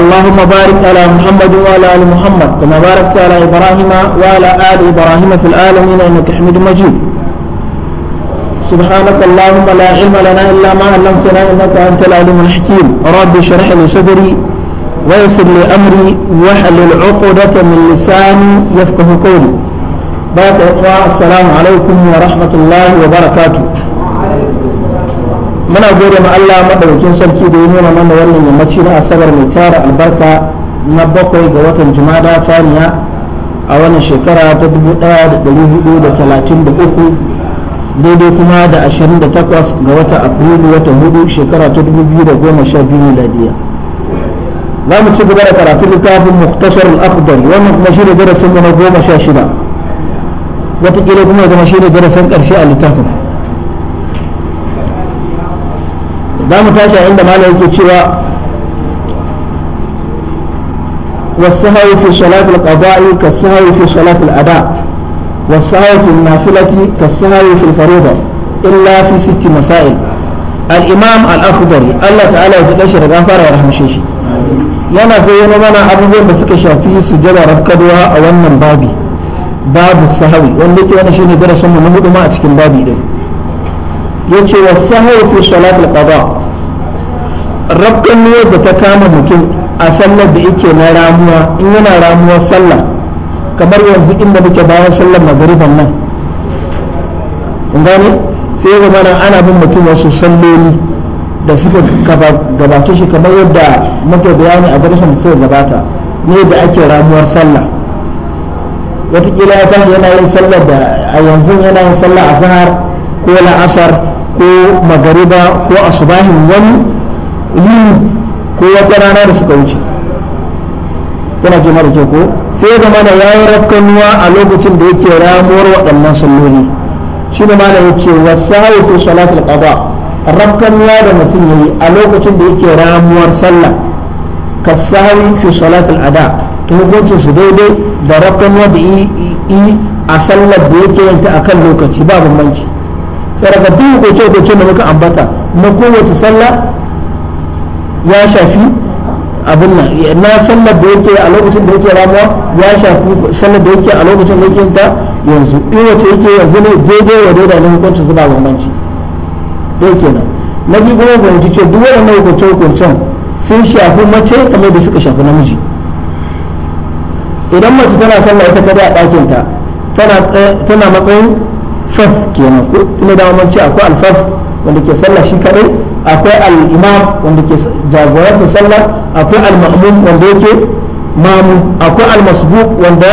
اللهم بارك على محمد وعلى آل محمد كما باركت على إبراهيم وعلى آل إبراهيم في العالمين إنك حميد مجيد سبحانك اللهم لا علم لنا إلا ما علمتنا إنك أنت العليم الحكيم رب اشرح لي صدري ويسر لي أمري واحلل عقدة من لساني يفقه قولي بارك السلام عليكم ورحمة الله وبركاته muna gode ma Allah madaukakin sarki da ya nuna mana wannan yammaci na asabar mai tara albarka na bakwai ga watan jumada saniya a wannan shekara ta 1433 daidai kuma da 28 ga watan afrilu wata hudu shekara ta 2012 miladiya za mu ci gaba da karatun littafin muktasar al-akhdar wannan kuma shi ne darasin mu na goma sha shida wataƙila kuma ya zama shi ne darasin ƙarshe a littafin za mu tashi a inda yake cewa wasu haifi shalatul ƙada'i ka su haifi shalatul ada wasu haifi nafilati ka su haifi faroda illa fi sitti masail al-imam al-akhdari Allah ta'ala ya kashe daga fara rahmshe shi yana zayyana mana abubuwan da suka shafi su jada rabkaduwa a wannan babi babu sahawi wanda yake wani shine darasin mu na hudu a cikin babi din yace wasu haifi shalatul ƙada'i rafkannuwar da ta kama mutum a sallar da yake na ramuwa in yana ramuwar sallah kamar yanzu inda muke bayan sallar magariban nan gane sai zama nan ana bin mutum wasu salloli da suka gabata shi kamar yadda muke bayani a darasin da suka gabata ne da ake ramuwar sallah watakila ya tashi yana yin sallar da a yanzu yana yin sallar a Zahar, ko la'asar ko magariba ko asubahin wani yini ko wata rana da suka wuce kuna ji mara ko sai ya zama da ya yi rakkanuwa a lokacin da yake ramuwar waɗannan salloli shi da mana yake wasa'i ko salatul qada rakkanuwa da mutum yayi a lokacin da yake ramuwar sallah kasawi fi salatul ada to hukuncin su daidai da rakkanuwa da yi a sallar da yake yin a kan lokaci ba bambanci sai daga duk hukunce da muka ambata na kowace sallah ya shafi abin nan na sallar da yake a lokacin da yake ramuwa ya shafi sallar da yake a lokacin da yake ta yanzu in wace yake yanzu ne daidai wa daidai na hukuncin su ba bambanci yake nan na biyu kuma gwamnati ce duk waɗannan hukunce hukuncen sun shafi mace kamar da suka shafi namiji idan mace tana sallar ita kada a ɗakin ta tana matsayin faf kenan ko tuna da mamanci akwai alfaf wanda ke sallah shi kadai akwai al-imam wanda ke jagorantar sallah akwai al-ma'mum wanda yake mamu akwai al-masbuq wanda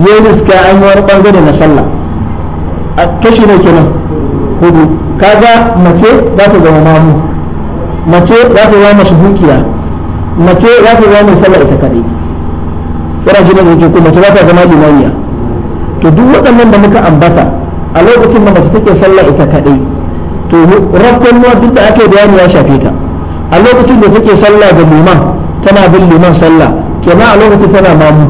ya riska an yi wani bangare na sallah kashi ne kenan hudu kaga mace za ta zama mamu mace za ta zama masbuqiya mace za ta zama mai sallah ita kadai wannan shi ne da yake ko mace za ta zama limaniya to duk waɗannan da muka ambata a lokacin da mace take sallah ita kadai to rabkon ruwa duk da ake bayani ya shafe ta a lokacin da take sallah da liman tana bin liman sallah kenan a lokacin tana mamu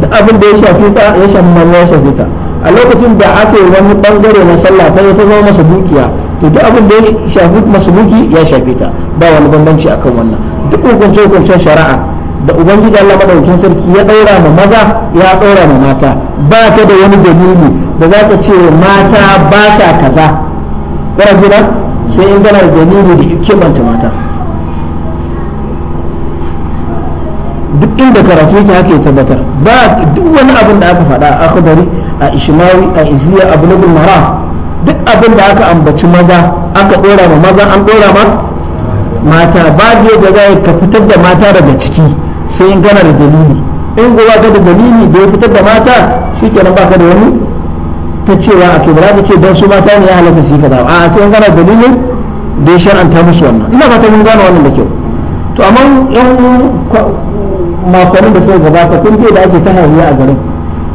da abin da ya shafe ta ya shafi mamu ya shafe ta a lokacin da aka yi wani bangare na sallah ta ta zama masa dukiya to duk abin da ya shafi masa duki ya shafe ta ba wani bambanci akan wannan duk hukunce hukuncen shari'a da ubangiji Allah madaukakin sarki ya daura ma maza ya daura ma mata ba ta da wani dalili da za ka ce mata ba sa kaza kana sai in gana da dalili da kebanta mata duk inda karatu yake haka ya tabbatar ba duk wani abin da aka faɗa a akhbari a ishimawi a iziya a bulugul mara duk abin da aka ambaci maza aka ɗora ma maza an ɗora ma mata babu yadda zai ka fitar da mata daga ciki sai in gana da dalili in gowa ga da dalili da ya fitar da mata shi kenan baka da wani ta cewa a kebra ta ce don su mata ne ya halatta su yi kaza a sai an gana dalilin da ya shar'anta musu wannan ina fata mun gane wannan da kyau to amma yan makonin da suka gabata kun da ake ta hayaniya a garin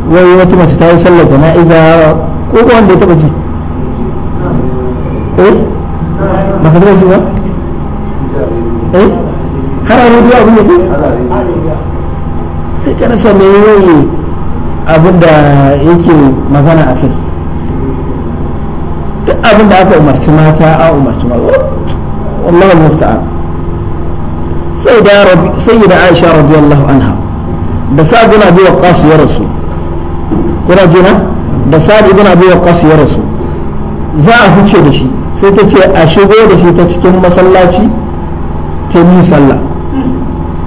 wai wata mace ta yi sallar jana'iza ko wanda ya taba ji eh ba ka taba ji ba eh har a abin da ke sai kana abin da yake magana a kai duk abin da aka umarci mata a umarci mata wallahi musta'an sai da aisha radiyallahu anha da sa'ad ibn abi waqqas ya rasu kuna jina da sa'ad ibn abi waqqas ya rasu za a huce da shi sai ta ce a shigo da shi ta cikin masallaci ta yi sallah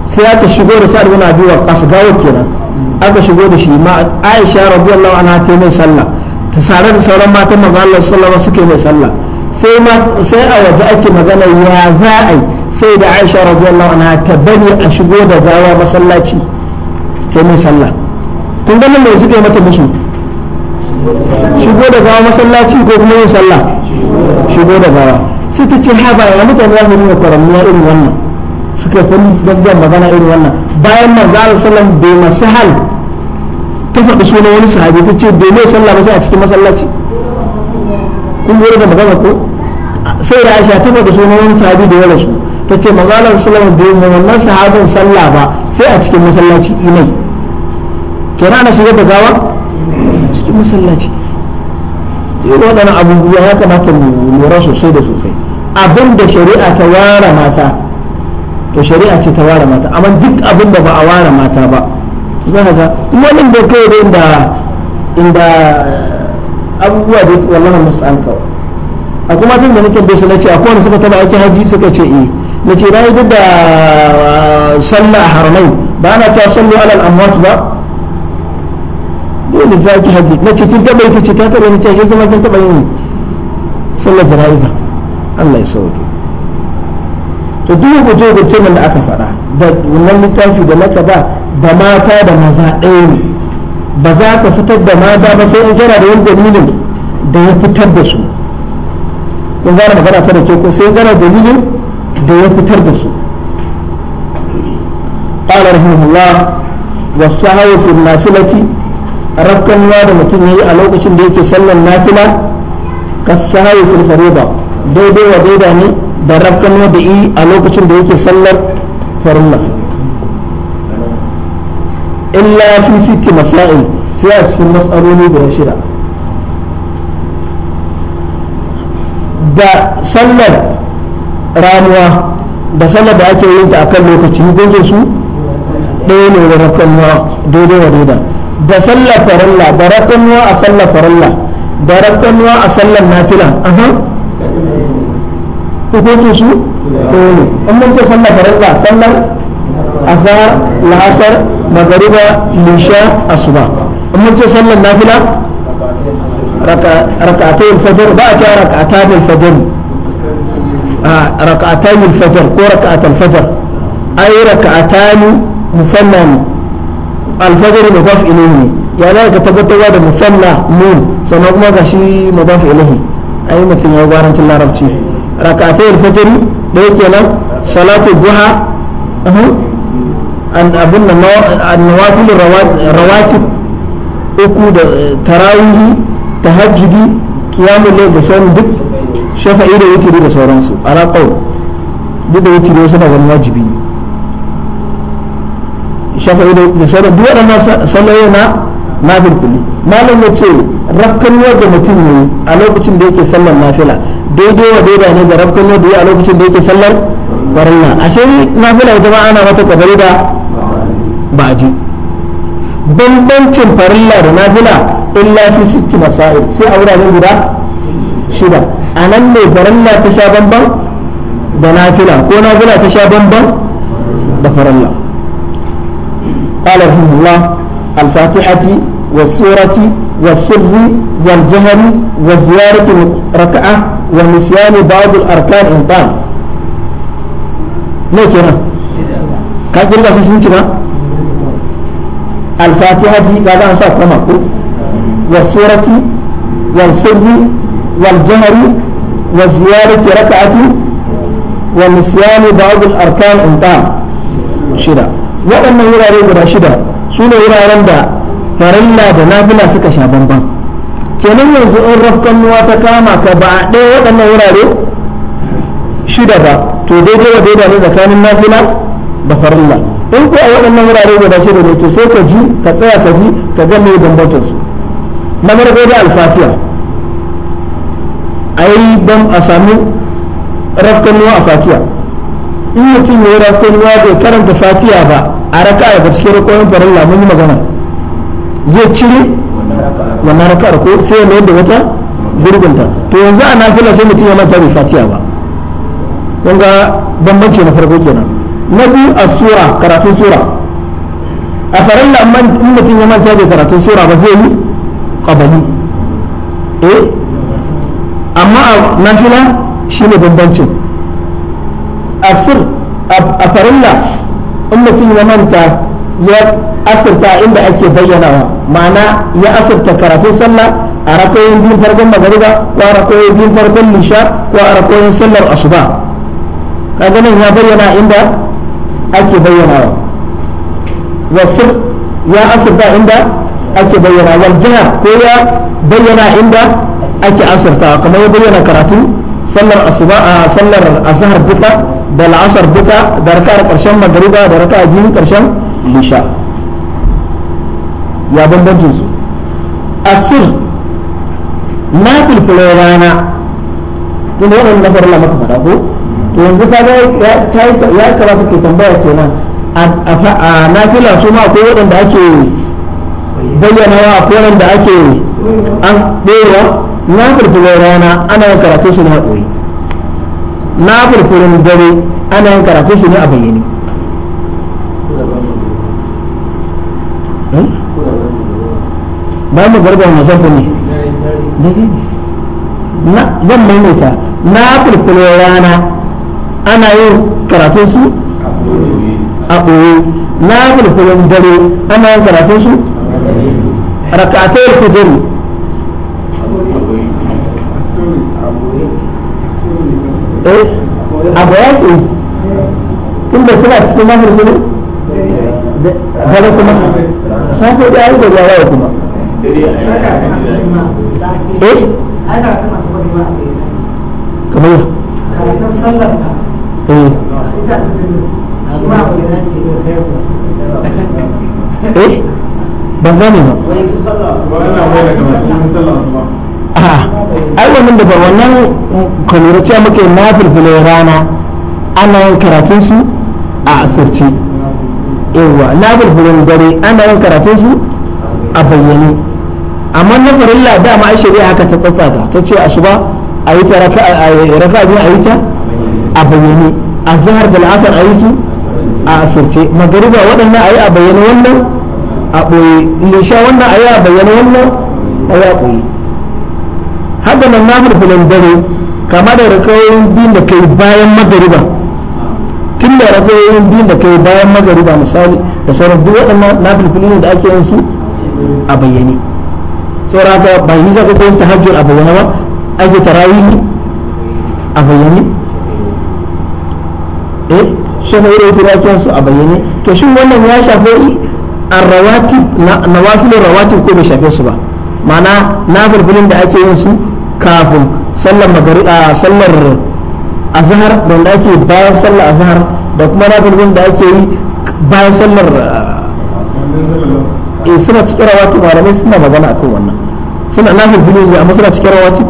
sai ta shigo da sa'ad ibn abi waqqas gawar kenan aka shigo da shi ma aisha radiyallahu anha ta mai sallah ta sare da sauran matan manzo Allah sallallahu alaihi suke mai sallah sai ma sai a waje ake magana ya za a sai da aisha radiyallahu anha ta bari a shigo da gawa masallaci ta mai sallah kun da nan me suke mata musu shigo da gawa masallaci ko kuma yin sallah shigo da gawa sai ta ce haba ya mutane za su nuna kwaramniya irin wannan suka kun dabbar magana irin wannan bayan manzo Allah sallallahu alaihi wasallam bai masahal ta faɗi suna wani sahabi ta ce domin sallah ba sai a cikin masallaci kun lura da magana ko sai da aisha ta faɗi suna wani sahabi da ya rasu ta ce mazalar sallama da mai wannan sahabin sallah ba sai a cikin masallaci imai kenan ana shigar da gawa cikin masallaci da waɗannan abubuwa ya kamata mu lura sosai da sosai abin da shari'a ta ware mata to shari'a ce ta ware mata amma duk abin da ba a ware mata ba za ka ga wannan da kai da inda inda eh, abubuwa da wallahi musta'an kawai a kuma tun da nake bai su nace akwai wanda suka taba ake haji suka ce eh nace na duk da eh, sallah haramai ba ana ta sallu alal amwat ba dole za ki haji nace kin taba ita ce ta taba ni ce kuma kin taba yin sallar jana'iza Allah ya sauke to duk guje guje da aka faɗa da wannan littafi da na kaza da mata da maza ɗaya ne ba za ka fitar da mata ba sai in gara da wani dalilin da ya fitar da su in gara magana ta da ke ko sai gana dalilin da ya fitar da su قال رحمه الله والسعي في rafkan ركنوا da mutum yi a lokacin da yake sallan nafila kasai fil ba daidai wa daida ne da rafkan rakkanwa da yi a lokacin da yake sallar farilla illa fi sitti masail sai a cikin matsaloli guda shida da sallar ramuwa da sallar da ake yin ta a kan lokaci hukuncin su ɗaya ne da rakanuwa daidai wa daida da sallar farilla da rakanuwa a sallar farilla da rakanuwa a sallar nafila aha hukuncin su ɗaya ne in mun ce sallar faralla sallar asar la'asar magariba lisha asuba amma ce sallar nafila raka'atai alfajr ba a ce raka'atai alfajr a raka'atai alfajr ko raka'at alfajr ai raka'atani mufannan alfajr mudaf ilayhi ya za ka tabbatarwa da musanna nun sannan kuma ga shi mudaf ilayhi ai mutum ya gwarancin larabci raka'atai alfajr da yake nan salatu duha an abin da nawafil rawatib uku da eh, tarawihi tahajjudi qiyamul layl da sauran duk shafa'i da witiri da sauransu ala qaul duk da witiri wasu na ganin wajibi ne shafa'i da sauran duk waɗannan sallolin na nafil kulli malam ya ce rakkanuwar da mutum ne a lokacin da yake sallar nafila daidai wa daidai ne da rakkanuwar da ya a lokacin da yake sallar farilla ashe nafila ita ma ana mata kabari da ba'adi bambancin farilla da nafila illa fi sitti masail sai a wuraren guda shida a nan ne farilla ta sha bamban da nafila ko nafila ta sha bamban da farilla قال رحمه الله الفاتحة والسورة والسر والجهر وزيارة الركعة ونسيان بعض الأركان إن طال ne kenan ka kirga su sun cika alfatihati ga an sa koma ko wa surati wal sirri wal jahri wa ziyarati rak'ati wa nisyani ba'd al arkan inta shida waɗannan wurare guda shida su ne wuraren da farilla da nafila suka sha bamban kenan yanzu in rafkan ta kama ka ba a ɗaya waɗannan wurare shida ba to dai wa dai da tsakanin nafila da farilla in ko a waɗannan wurare da shi ne to sai ka ji ka tsaya ka ji ka ga mai bambancin su na farko da alfatiha a yi don a sami rafkan ruwa a fatiha in mutum ya yi rafkan ruwa bai karanta fatiha ba a raka daga cikin rukunin farilla mun yi magana zai cire wannan raka'ar ko sai ya mayar da wata gurbinta to yanzu a nafila sai mutum ya manta bai fatiha ba kun ga bambanci na farko kenan na biyu a sura karatun sura a da in mutum ya manta da karatun sura ba zai yi ƙabali eh amma a nafila shi ne bambancin a sir a farilla in mutum ya manta ya asirta inda ake bayyanawa ma'ana ya asirta karatun sallah a rakoyin biyun farkon magariba ko a rakoyin biyun farkon nisha ko a rakoyin sallar asuba kaga nan ya bayyana inda ake bayyanawa wasir ya asirta inda ake bayyana wal jiha ko ya bayyana inda ake asirta kamar ya bayyana karatun sallar asuba a sallar azhar duka da la'asar duka da raka'ar karshen magariba da raka'a biyu karshen lisha ya bambancin su asir na filfilin rana kuma waɗanda na farla maka faɗa ko yanzu ka ga ya kamata ke tambaya kenan a nafila su ma akwai waɗanda ake bayyana wa akwai waɗanda ake an ɗora na furfurin rana ana yin karatu su ne a ɓoye na furfurin dare ana yin karatu su ne a bayyane hmm? ba mu gargar na zafi ne zan maimaita na furfurin rana ana yin karatun su a ɓoye na fulfulun dare ana yin karatun su rakatai fujiri a bayaki tun da suna cikin mahimmin dare kuma safe da yi da ya kuma eh kamar Eh? eh ban gane ba ah, ai wannan da ba mm, muke na filfilin rana ana yin karatun su a asirce yawa na filfilin dare ana yin karatun su a bayyane amma na farilla dama ai shari'a haka ta tsatsaka ta ce a su ba a yi ta raka biyu a yi ta a bayyane a zahar da la'asar a yi su a asirce magariba waɗannan a yi a bayyane wannan a ɓoye lisha wannan a yi a bayyane wannan a yi a ɓoye haka nan na fulfulan dare kama da rakayoyin biyun da kai bayan magari ba tun da rakayoyin biyun da kai bayan magari ba misali da sauran duk waɗannan na fulfulun da ake yin su a bayyane saboda haka ba yi za ka kai tahajjud a bayyane ba ake tarawihi a bayyane su mai rawaito rakiyan su a bayyane to shin wannan ya shafi arrawati wafilin rawatin ko bai shafe su ba ma'ana na bulbulin da ake yin su kafin sallar magari a sallar azhar da wanda ake bayan sallar azhar da kuma na bulbulin da ake yi bayan sallar eh suna cikin rawatib malamai suna magana akan wannan suna na bulbulin ne amma suna cikin rawatib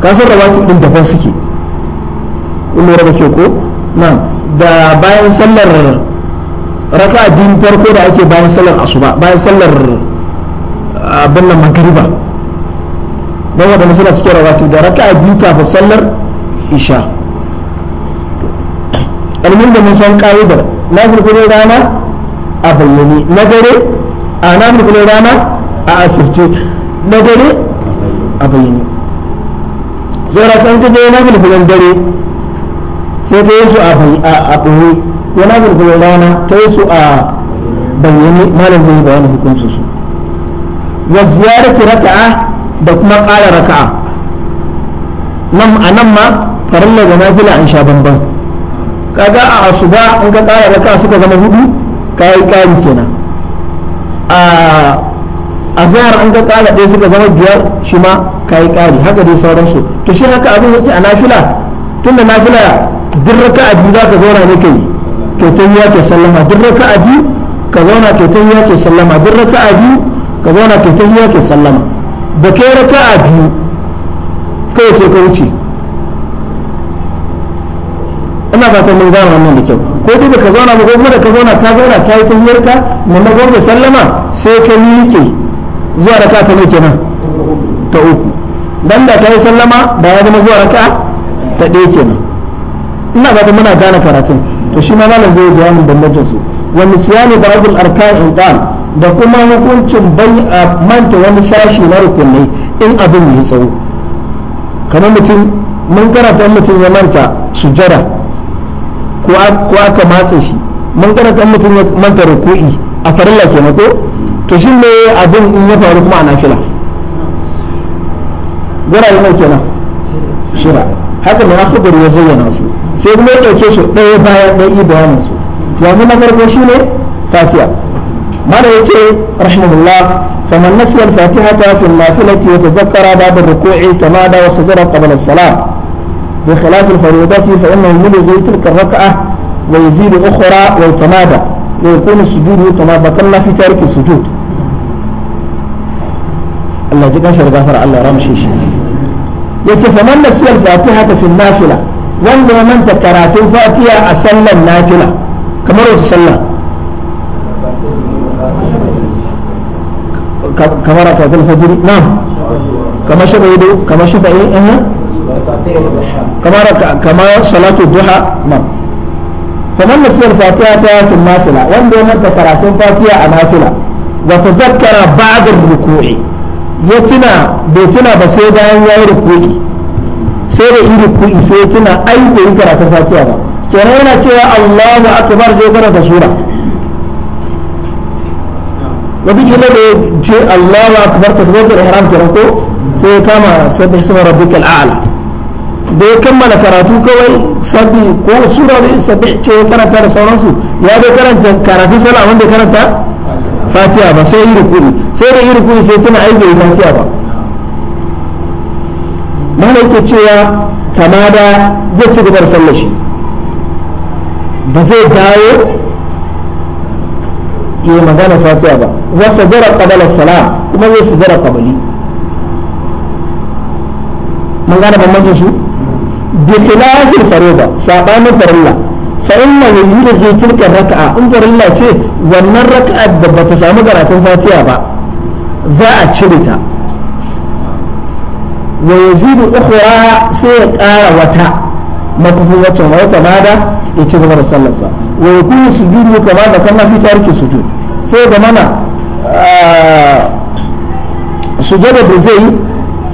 kasar rawatib din daban suke kun lura da ke ko nan da bayan sallar raka biyun farko da ake bayan sallar asuba bayan sallar ah, abin nan magariba don waɗanda suna cikin rawatu da raka biyu kafin sallar isha almin da mun san ƙa'idar na farko rana a bayyane na dare a na farko rana a asirce na dare a bayyane tsoron kan kaje na farko dare sai ta yi su a ɓoye yana gurgurin rana ta yi su a bayyane malam zai bayanin hukuncin su wa ziyarati raka'a da kuma ƙara raka'a nan a nan ma farilla da fila an sha bamban kaga a asuba in ka ƙara raka'a suka zama hudu yi ƙari kenan a a zahar an ka ƙara ɗaya suka zama biyar shi ma yi ƙari haka dai sauransu to shi haka abin yake a nafila tunda nafila duk raka'a biyu za ka zauna ne kai kai ya kai sallama duk raka'a biyu ka zauna kai ya kai sallama duk raka'a biyu ka zauna kai ya kai sallama da kai raka biyu kai sai ka wuce ina fatan mun gama wannan da kyau ko duk ka zauna ba kuma da ka zauna ka zauna ka yi tahiyyar ka mun na gobe sallama sai ka miƙe zuwa ka ta miƙe nan ta uku dan da ka yi sallama ba ya zama zuwa raka ta ɗaya kenan ina ba muna gane karatun to shi ma malam zai bayanin bambancin su wani siyani ba ba'dul arkan in da kuma hukuncin bai a manta wani sashi na rukunni in abin ya tsawo kamar mutum mun karanta mutum ya manta sujada ko aka matse shi mun karanta mutum ya manta ruku'i a farilla kenan ko to shi ne abin in ya faru kuma a nafila gurare ne kenan shira haka na akhudar ya zayyana su sai kuma ya dauke su ɗaya bayan ɗaya yi bayanin su yanzu na farko shi ne fatiha mana ya ce rahimahullah kamar nasiyar fatiha ta fi nafilati wata zakara da da ruku'i ta ma da wasu zara kabala salam bi khilafin faridati fa inna yulu zai tilka raka'a wa yazidu ukhra wa tamada wa yakunu sujudu ta ma bakan na fi tariki sujud Allah ji kashar gafara Allah ramshe shi ne yace faman nasiyar fatiha ta fi nafila wanda ya manta karatun fatiha a sallan nafila kamar wata sallah kamar a karatun fajiri na'am kamar shafa'i kamar shafa'i eh, eh? kamar kamar salatu duha na'am فمن نسي الفاتحة في النافلة وان دون ya tuna bai tuna ba sai bayan ya yi rukui sai da iri rukui sai ya tuna ai bai yi karatun fatiha ba kenan yana cewa Allahu akbar sai karanta sura wata kila da ya ce Allahu akbar takbiratul ihram kenan ko sai ya kama sabbi isma rabbikal a'la da ya kammala karatu kawai sabbi ko sura da sabbi ce ya karanta da sauransu ya dai karanta karatu sallah wanda ya karanta fatiha ba sai yi rukuni sai da yi rukuni sai tana ai bai fatiha ba mana yake cewa tamada zai ci gaba sallar shi ba zai dawo ya yi magana fatiha ba wasa jara kabala salam kuma zai su jara kabali mun gane bambancin su bi khilafil fariida sabanin farilla fa'in na yi da tilka raka'a in farilla ce wannan raka'a da bata samu karatun fatiha ba za a cire ta wa yazidu ukhra sai ya ƙara wata matafin wacce wata da ya ci gaba da sallarsa wa yakunu sujudu kama da kana fi tarki sujud sai da mana ah, sujada da zai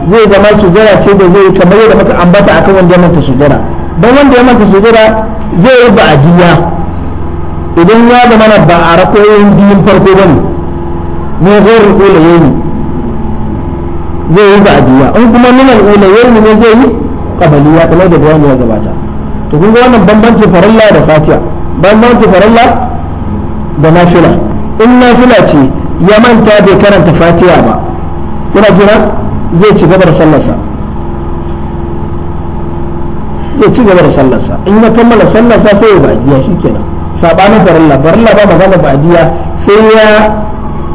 zai zama sujada ce da zai kamar yadda muka ambata akan wanda ya manta sujada don wanda ya manta sujada zai yi ba'adiyya idan ya zama na ba a rakoyin biyun farko ba ne ne gairu ulayayi zai yi ba'adiyya in kuma minal ulayayi ne zai yi kabaliya kamar da bayani ya gabata to kun ga wannan bambancin farilla da Fatiya, bambancin farilla da nafila in nafila ce ya manta bai karanta Fatiya ba kuna jira zai ci gaba da sallarsa ya ci gaba da sallarsa in ya kammala sallarsa sai ya ba'diya shikenan sabanin farilla farilla ba magana ba'diya sai ya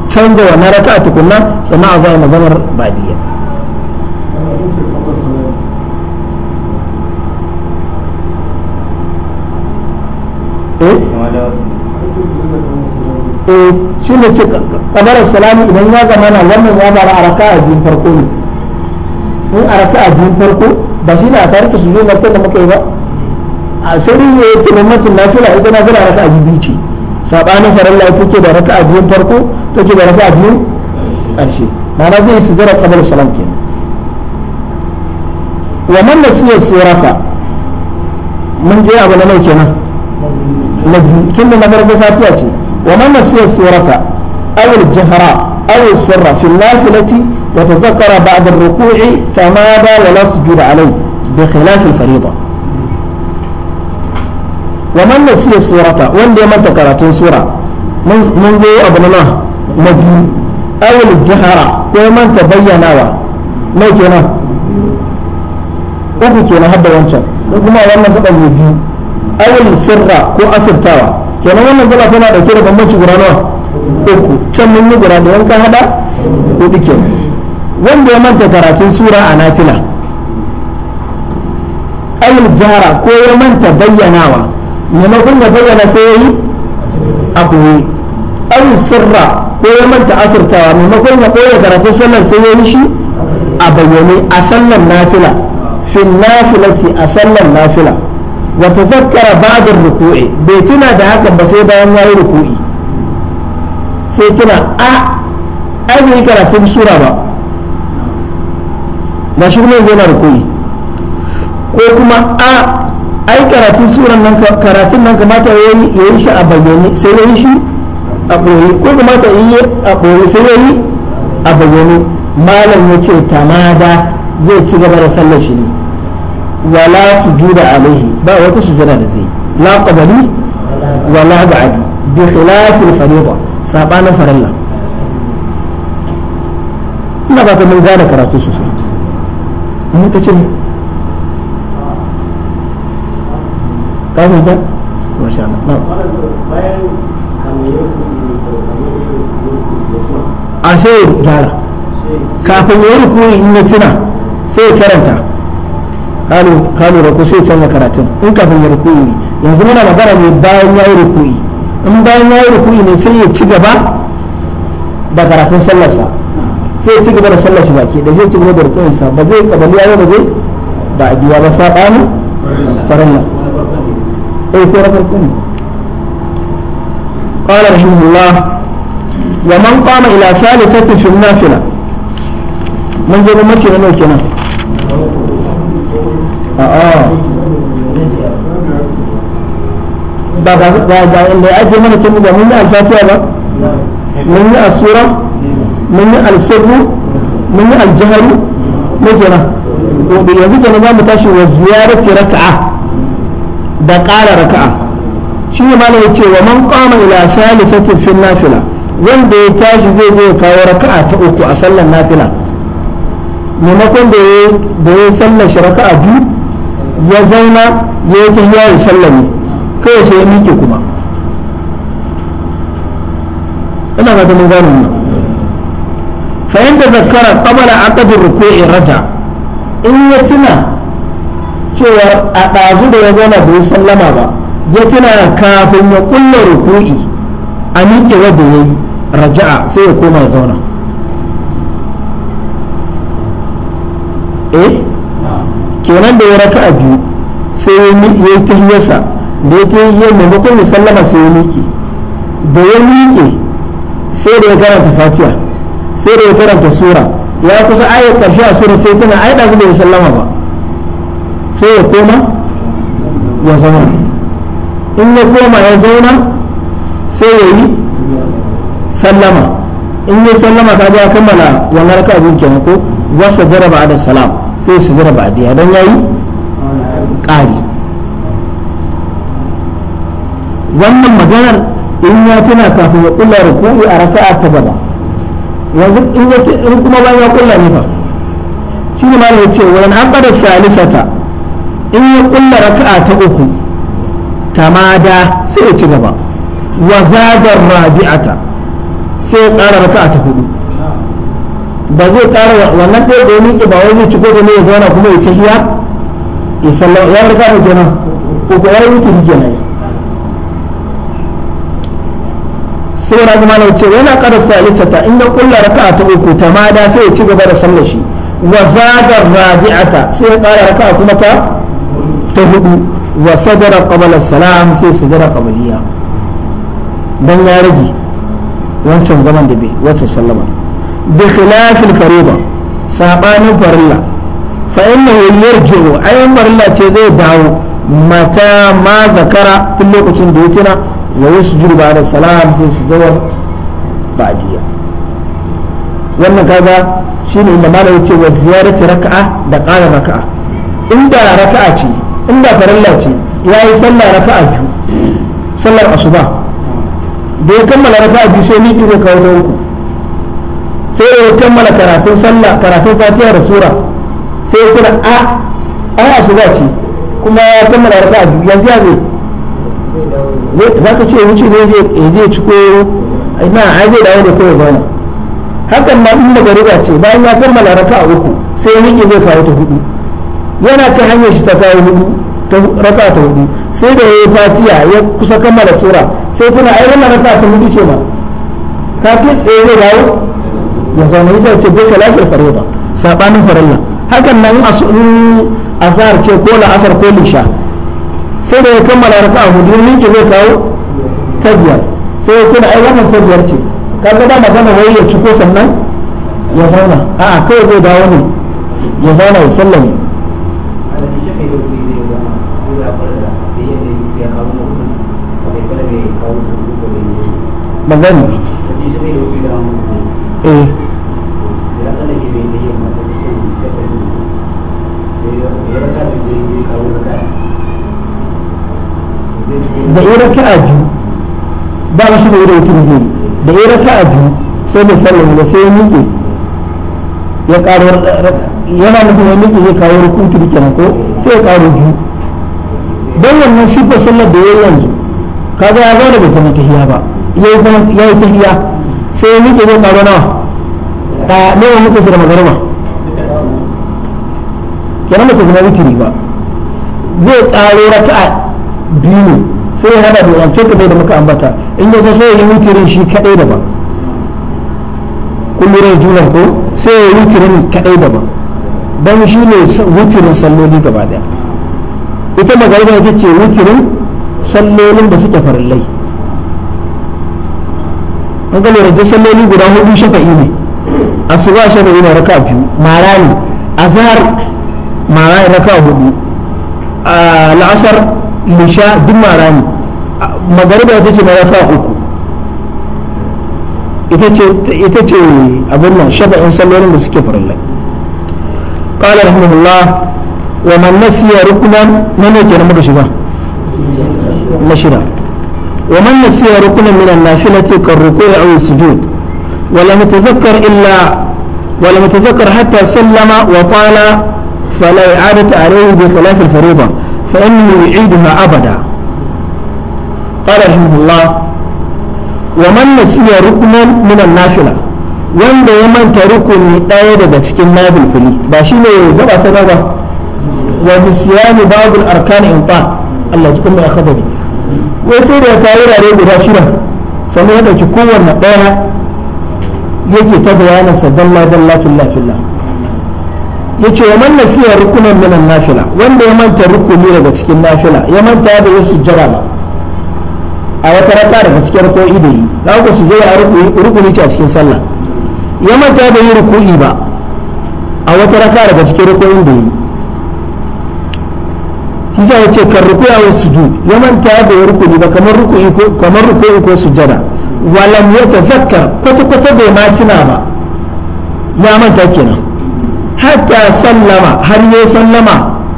canza naraka a tukunna sannan a zai maganar ba'diya eh? eh shi ne ce kabarar salami idan ya zama na wannan ya bara a a biyun farko ne in a a biyun farko ba shi ne a tarihi su zo martar da muka yi ba a sai ne yake mamatin nafila ita nafila raka abin bici saɓanin sabanin farilla ita ke da raka abin farko, ta ke da raka abin ƙarshe ƙarshe na zai yi zara qabla salam ke wa man su raka mun je abu na mai kenan na biyu da na farko fatiha ce wa man nasiya sirata awil jihara. أو السر في النافلة وتذكر بعد الركوع تمادى ولا سجود عليه بخلاف الفريضة ومن نسي السورة وان دي من تكرات سورة من جو أبننا مجي أو الجهرة ومن تبين ما كنا uku kenan har da wancan ko kuma wannan gaban ne biyu awul sirra ko asirtawa kenan wannan gaba tana dauke da bambanci guda nawa uku can mun yi da yanka hada hudu kenan wanda ya manta karatun sura a nafila ayyul jara ko ya manta bayyanawa maimakon da bayyana sai ya yi a koyi ayyul sirra ko ya manta asirtawa maimakon ya ɓoye karatun sallar sai ya yi shi a bayyane a sallar nafila fi nafilati a sallar nafila wata zakkara ba'da ruku'i bai tuna da hakan ba sai bayan ya yi ruku'i sai tuna a ai bai karatun sura ba ba shi kuma zai na koyi ko kuma a ai karatun suran nan karatun nan kamata ya yi shi a bayyane sai ya yi shi a ɓoye ko kamata in yi a ɓoye sai ya yi a bayyane malam ya ce tamada zai ci gaba da sallar shi ne wala su juda alaihi ba wata sujada da zai la qabali wala ba'adi bi khilafil fariḍah sabanin farilla ina ba ta mun gane karatu sosai mun ta ce ka yi ta masha Allah a sai gyara kafin ya ku in ya tuna sai ya karanta kalu da ku sai ya canza karatun in kafin ya rukuni ne yanzu muna magana ne bayan ya yi rukuni in bayan ya yi rukuni ne sai ya ci gaba da karatun sallarsa sai ya ci gaba da sallar shi baki da zai ci gaba da rukuninsa ba zai kabali ba zai ba a biya ba farin nan ɗaya eh, ko na farko ne قال رحمه الله ومن قام إلى ثالثة mun je من جاب مكة من ba ga ga inda ake mana kin ba mun yi al-fatiha ba mun yi as-sura mun yi al-sirru mun yi al-jahru ne kenan to yanzu kenan za mu tashi wa ziyarati raka'a da ƙara raka'a shi ne malai yace wa man qama ila salisatin fil nafila wanda ya tashi zai je kawo raka'a ta uku a sallar nafila maimakon da ya sallar shi raka'a biyu ya zauna ya yi tahiya sallar ne. kawai sai ya miƙe kuma ina fata mun gano da fa in a qabla aqd ruku'i raja in ya tuna cewa a ɗazu da ya zauna bai sallama ba ya tuna kafin ya kulle ruku'i a miƙe wadda ya yi raja'a sai ya koma zauna eh kenan da ya raka a biyu sai ya yi hiyarsa. da yake yi maimakon ya sallama sai ya miƙe da ya miƙe sai da ya karanta fatiha sai da ya karanta sura ya kusa ayar karshe a sura sai tana ai ɗazu da ya sallama ba sai ya koma ya zama in ya koma ya zauna sai ya yi sallama in ya sallama ka ga kammala wani raka abin kenan ko wasa jaraba da salam sai su jaraba biya dan yayi wannan maganar in ya tana kafin ya kulla ruku'i a raka'a ta gaba yanzu in ya in kuma ba ya kula ne fa shi ne malam yace wa an aqada salifata in ya kulla raka'a ta uku tamada sai ya ci gaba wa zada rabi'ata sai ya ƙara raka'a ta hudu ba zai ƙara wannan ɗaya da ya miƙe ba wai ci ko ne ya zauna kuma ya tafiya ya sallama ya riga da kenan ko ya yi wuce kenan saboda kuma na ce yana ƙara salisata in ya kulla raka'a ta uku ta mada sai ya ci gaba da sallar shi wa zagar rabi'ata sai ya ƙara raka'a kuma ta ta hudu wa sadara qabala salam sai sadara qabliya dan ya rage wancan zaman da bai wacce sallama bi khilafil fariḍa sabanin farilla fa innahu yarji'u ayyan farilla ce zai dawo mata ma zakara tun lokacin da ya tuna wa yasjudu ba'da salam sai sujudar ba'diya wannan kaga shine inda malam yace wa ziyarati raka'a da qala raka'a inda raka'a ce inda farilla ce yayi sallah raka'a biyu sallar asuba da ya kammala raka'a biyu sai miƙi ko kawo ta uku sai da ya kammala karatun sallah karatun fatiha da sura sai ya kira a a asuba ce kuma ya kammala raka'a biyu yanzu ya zai za ka ce wuce ne zai ci ko ina ai zai dawo da kawai zauna hakan na inda gariba ce bayan ya kammala raka a uku sai ya rike zai kawo ta hudu yana ta hanyar shi ta kawo hudu raka ta hudu sai da ya yi fatiya ya kusa kammala sura sai tana ai wannan raka ta hudu ce ma ka ke tsaye eh, zai dawo ya zama yasa ce bai kalafiyar farauta sabanin farilla hakan nan asar ce ko la'asar ko lisha sai da ya kammala raka a hudu ne zai kawo tabiyar sai ya kuna ai wannan tabiyar ce kaga da magana wai ya ciko sannan ya zauna a a kawai zai dawo ne ya zauna ya sallame magana eh da ya raka'a biyu ba shi da yadda mutum zai da ya raka'a biyu sai mai sallama da sai ya miƙe ya ƙaro yana nufin ya miƙe zai kawo rukuntu kenan ko sai ya ƙaro biyu don wannan siffar sallar da ya yanzu kaga ya zo bai zaman tahiya ba ya yi tahiya sai ya miƙe zai ƙaro nawa a nawa muka su da magarma kenan mutum na wutiri ba zai ƙaro raka'a biyu sai ya hada da wancan kamar da muka ambata in ya sai ya wutirin shi kadai daban kun lura juna ko sai ya wutirin kadai daban dan shi ne wutirin salloli gaba daya ita magariba ita ce wutirin sallolin da suke farallai. an ga lura da salloli guda hudu shafa'i ne a asuba shafa'i ne raka biyu marani azhar marani raka hudu ah, la'asar mu sha duk mara ne magariba ita ce uku ita ce abin nan shaba'in sallolin da suke farilla qala rahimahullah wa man nasiya rukunan nan ne kenan muka shiga na shida wa man nasiya rukunan min an-nafilati karruku'i aw sujud wa lam illa wa lam hatta sallama wa qala fala i'adatu alayhi bi khilaf al فإنه يعيدها أبدا قال رحمه الله ومن نسي ركنا من النافلة wanda ya manta rukuni ɗaya daga cikin nabil fili ba shi ne gaba ta ba wa fi siyami babul arkan intan Allah ji kuma ya khabari wai sai da ta wurare guda shida sannan ya kowanne ɗaya yake ta bayanin sa dalla dalla ya ce wa na siya rukunan minan nafila wanda ya manta rukuni daga cikin nafila ya manta da wasu jira ba a wata rata daga cikin rukuni da yi za ku su a rukuni ce a cikin sallah ya manta da yi rukuni ba a wata rata daga cikin rukuni da yi Isa ya ce kan rukuni a wasu ju ya manta da yi rukuni ba kamar rukuni ko su rukuni sujada walam ya tafakkar kwata kwata bai ma tuna ba ya manta kenan hatta sallama har ya sallama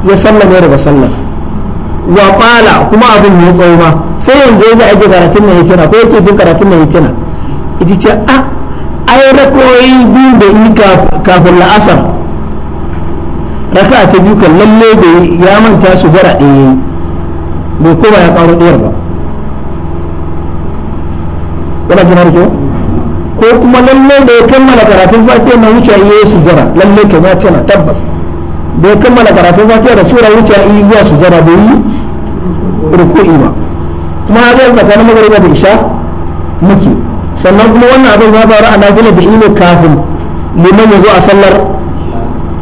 ya sallame daga sallah wa kuma abin ya tsawo ma sai yanzu ya ake karatun nan yana ko yake jin karatun nan yana ita ce a ai rakoyi biyu da yi kafin la'asar raka ta biyu kan lalle da ya manta su bai ya ba lalle da karatun fatiha na wuce iya su jira lalle ka ya tana tabbas Bai kammala karatun fatiha da sura wuce iya zuwa su jira bai yi ruku'i ba kuma haka tsakanin magariba da isha muke sannan kuma wannan abin ya faru a nafila da ilo kafin liman ya zo a sallar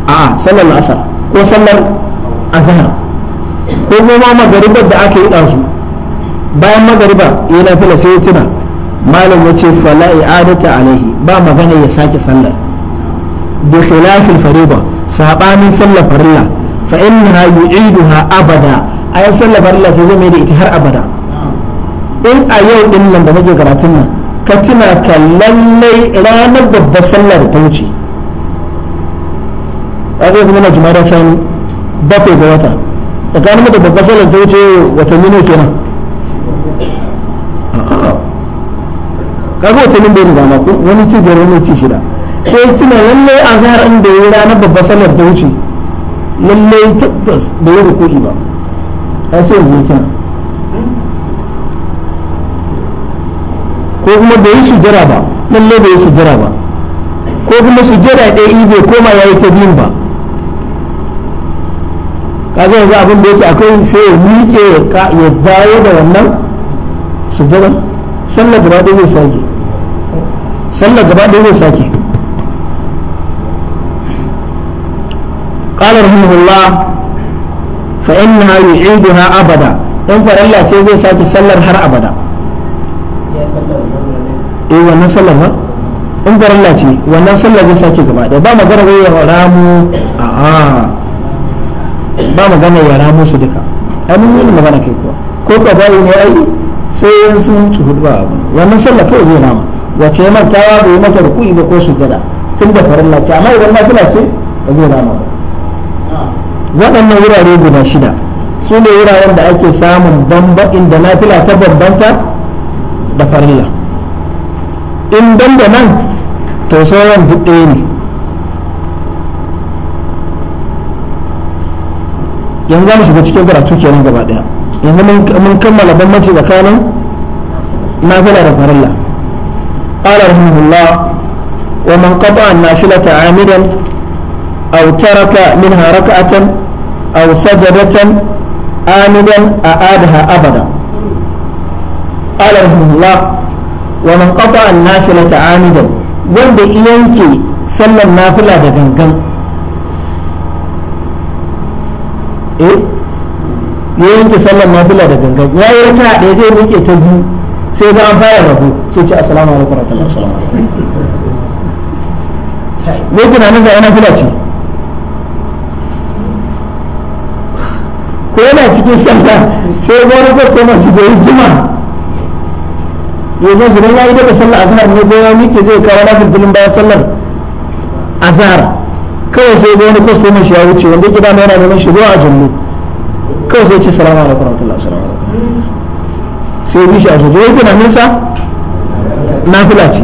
a'a sallar asar ko sallar azhar ko kuma magaribar da aka yi ɗansu bayan magariba ya nafila sai ya tuna malam ya ce fala i'adata alaihi ba magana ya sake sallar bi khilafil fariḍa sabanin sallar farilla fa innaha yu'iduha abada ay sallar farilla ta zama da ita har abada in a yau din nan da muke karatun nan ka tuna ka lallai ranar babbar sallar ta wuce kaga kuma na juma'a sani bakwai ga wata tsakanin da babbar sallar ta wuce watanni ne kenan kaga wata nan bai riga ma ko wani ci biyar wani ci shida sai tuna lalle azhar in da ya na babba sallar da wuce lalle tabbas da ya ko ba ai sai yanzu kina ko kuma bai yi jira ba lalle bai yi jira ba ko kuma jira ɗaya yi bai koma ya yi ta biyun ba kaga yanzu abin da yake akwai sai ya miƙe ya dawo da wannan sujjaran sallar gaba ɗaya zai sake sallar gaba ɗaya zai sake ƙalar hulhulla fa’in na yi aidu ha abada ɗan farilla ce zai sake sallar har abada e wannan sallar ba ɗan farilla ce wannan sallar zai sake gaba ɗaya ba magana zai yi ramu a ba magana ya ramu su duka amin yi magana kai kuwa ko ka ta ne ai sai sun mutu hudu ba abu wannan sallar kawai zai rama wacce ya mantawa bai mata ruku'i ba ko sujada tun da farin ce amma idan nafila ce ba zai rama ba waɗannan wurare guda shida su ne wuraren da ake samun inda na fila ta bambanta da farilla in ban da nan to sauran duk ɗaya ne yanzu za mu shiga cikin karatu kenan gaba ɗaya yanzu mun kammala bambanci tsakanin na fila da farilla قال رحمه الله ومن قطع النافلة عامدا أو ترك منها ركعة أو سجدة آمدا أعادها أبدا قال رحمه الله ومن قطع النافلة عامدا wanda iyanke sallan nafila da gangan eh ya yanke sallan nafila da gangan ya yi raka ɗaya zai rike ta biyu sai ga an fara rabu sai ce assalamu alaikum wa rahmatullahi assalamu alaikum wai tunanin sa yana kula ce ko yana cikin sallah sai ga wani kwastoma shi da jima ya zo su don yi daga sallah azhar ne ko ya miƙe zai kawo na filfilin bayan sallar azhar kawai sai ga wani kwastoma shi ya wuce wanda ya kida yana neman shi a jallu kawai sai ce salamu alaikum wa rahmatullahi sai bi shi a zuwa ya tunanin sa fila ce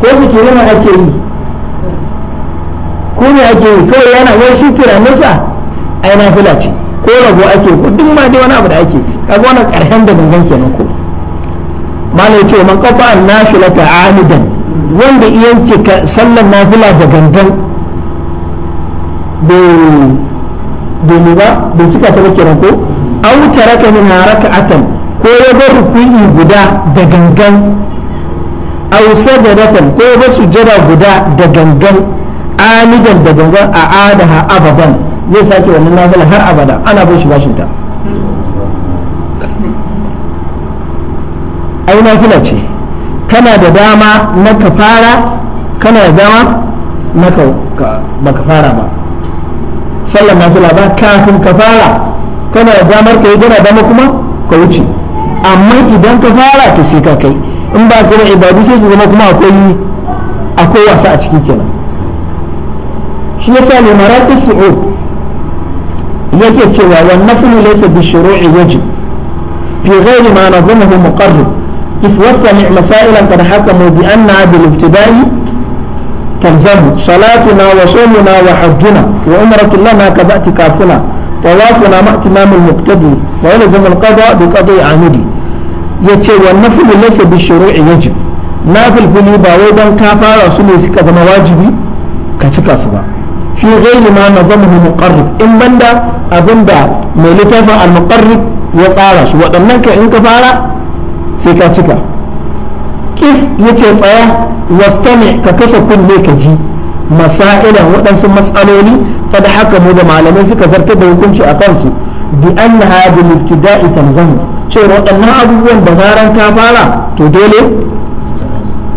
ko su ke yana ake yi ko ne ake yi kawai yana wai shi tunanin sa yana fila ce ko rago ake ko duk ma dai wani abu da ake kaga wani karshen da gangan nan ko ya ce man kafa an fila ta amidan wanda iya ke sallan fila da gangan bai ba bai cika ta ba ke ko au taraka min raka'atan ko ya bar ruku'i guda da gangan au sajadatan ko ya bar sujada guda da gangan amidan da gangan a adaha abadan zai sake wannan nafila har abada ana bin shi bashin ta ai nafila ce kana da dama na kafara kana da dama na ka ba kafara ba sallan nafila ba kafin kafara kana da damar ka yi gana dama kuma ka wuce amma idan ka fara to sai ka kai in ba ka ibadu sai su zama kuma akwai akwai wasa a ciki kenan shi yasa ne maraqi su'ud yake cewa wan naflu laysa bi shuru'i wajib fi ghairi ma nadhumuhu muqarrib إذ واستمع مسائلا قد حكموا بأنها بالابتداء تلزم صلاتنا وصومنا وحجنا وعمرة لنا كذا اعتكافنا طوافنا مع إمام المقتدي da القضاء بقضاء ya yace wa naflu laysa bi shuru'i yajib na fili ba wai dan ka fara su ne suka zama wajibi ka cika su ba fi ghairi ma nazamahu muqarrib in banda abinda mai littafin al-muqarrib ya tsara su waɗannan ka in ka fara sai ka cika kif yace tsaya wastami ka kasa kunne ka ji masailan waɗansu matsaloli kada haka mu da malamai suka zartar da hukunci a kansu bi annaha bil ibtida'i tanzamu cewa waɗannan abubuwan da zaran ka fara to dole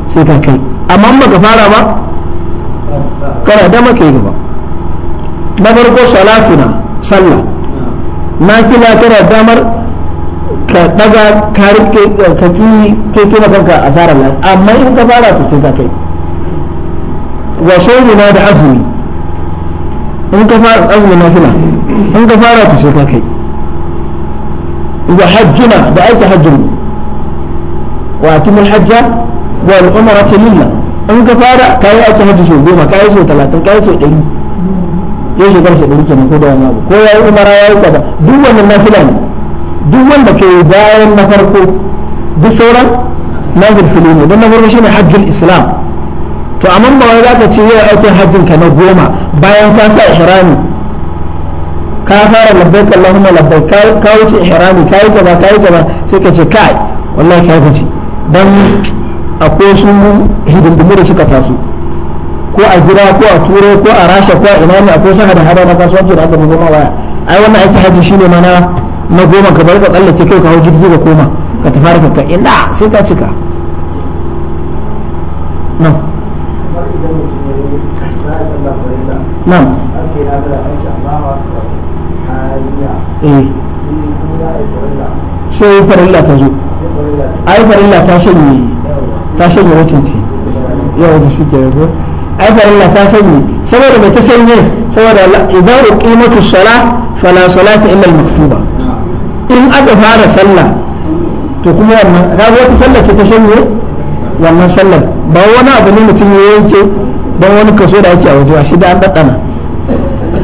sai ka kai amma baka fara ba kana da maka gaba na farko salatuna sallah nafila kana damar ka daga ka rike ka ki kai kanka asarar amma in ka fara to sai ka kai wa shawmina da azumi in ka fara azumin nafila in ka fara ta sai ka kai wa hajjuna da aiki hajjun wa atimul hajja wal ta lilla in ka fara ka yi aiki hajji sau goma ka yi sau talatin ka yi sau ɗari ya shekara sau ɗari kenan ko da wani abu ko ya yi umara ya yi kaza duk wannan nafila ne duk wanda ke bayan na farko duk sauran na gurfili ne don na farko ne hajjun islam to amma ba wai zaka ce yau aikin hajjin ka na goma bayan ka sa ihrami ka fara labbaik Allahumma labbaik ka wuce ihrami ka yi kaza ka yi kaza sai ka ce kai wallahi ka gaji dan akwai su hidindimu da suka taso ko a gida ko a turai ko a rasha ko a ina ne akwai saka da hada na kasuwanci da aka bugo goma waya ai wannan aikin hajji shine mana na goma ka bar ka tsallake kai ka hau jirgi ka koma ka tafi harkar ka ina sai ka cika nan نعم eh. sai farilla ta zo ai farilla ta shanye saboda mai ta shanye sala fala illa in aka fara sallah to kuma wannan ga wata sallah ce ta shanye wannan sallar ba wani abu ne mutum ya yanke don wani kaso da ake a wajewa shi da an ɗaɗɗana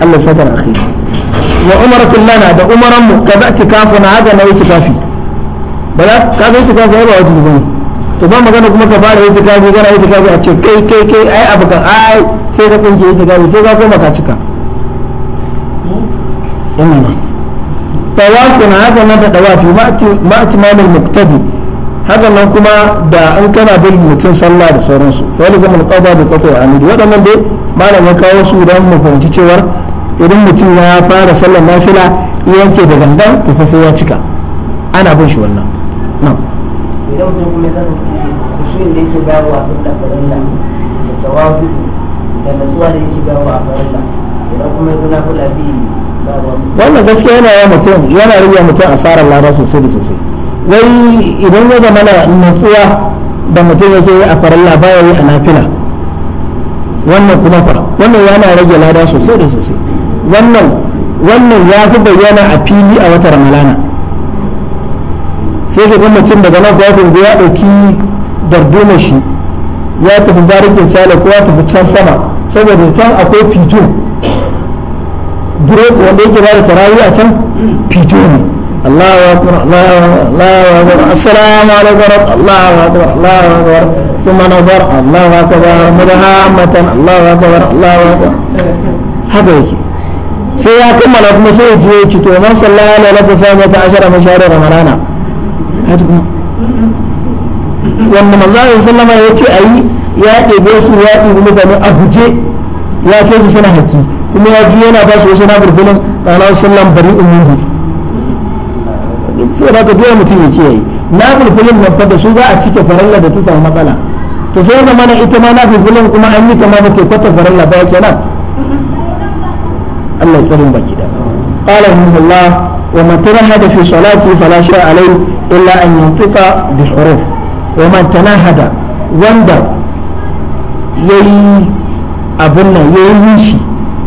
Allah sadar akhi wa umaratul lana da umaran mu kaza tikafu na haka na yake kafi ba za ka ga yake kafi ba wajibi ba to ba magana kuma ka fara yake kafi kana yake kafi a ce kai kai kai ai abu kan ai sai ka tsinke yake kafi sai ka koma ka cika inna na haka na da tawafi ma'ati ma'ati mamul muqtadi hakan nan kuma da an kana bin mutum sallah da sauransu wani zama alƙaba da kwatai ya amidi waɗannan dai malam ya kawo su don mu fahimci cewar idan mutum ya fara sallar nafila yanke da gangan to fa sai ya cika ana bin shi wannan nan idan mutum kuma ya kasance kushin da yake bayarwa sallar farilla da tawafi da nasuwa da yake bayarwa a farilla idan kuma ya zo bi wannan gaskiya yana yi mutum yana rage mutum asarar lada sosai da sosai wai idan ya zama na natsuwa da mutum ya ce a farilla ya yi a nafila wannan kuma fa wannan yana rage lada sosai da sosai wannan wannan ya fi bayyana a fili a wata ramalana sai ga mutum daga nan kwafin ya ɗauki darduma shi ya tafi barikin sale ko ya tafi can sama saboda can akwai fito wanda yake ba da tarayi a can fito ne الله أكبر الله الله أكبر السلام عليكم الله أكبر الله أكبر ثم نظر الله أكبر مدهامة الله أكبر الله أكبر هذا يجي sai ya kammala kuma sai ya juyo ci to man sallallahu alaihi wa sallam ta ashara mashari ramadana hadi kuma wanda manzo sallama ya ce ayi ya ɗebe su ya ɗebi mutane a guje ya kai su suna haki kuma ya juyo yana ba su wasu na burbunin sai ba ta biya mutum ya kiyaye na fulfulin nan fa su za a cike farilla da ta samu matsala to sai ga mana ita ma na fulfulin kuma an yi ta ma ba ta kwata farilla ba kenan Allah ya tsare baki da ƙalar rahimahullah wa man hada fi salati fala shay'a alai illa an yantiqa bi huruf wa man hada wanda yayi abin nan yayi nishi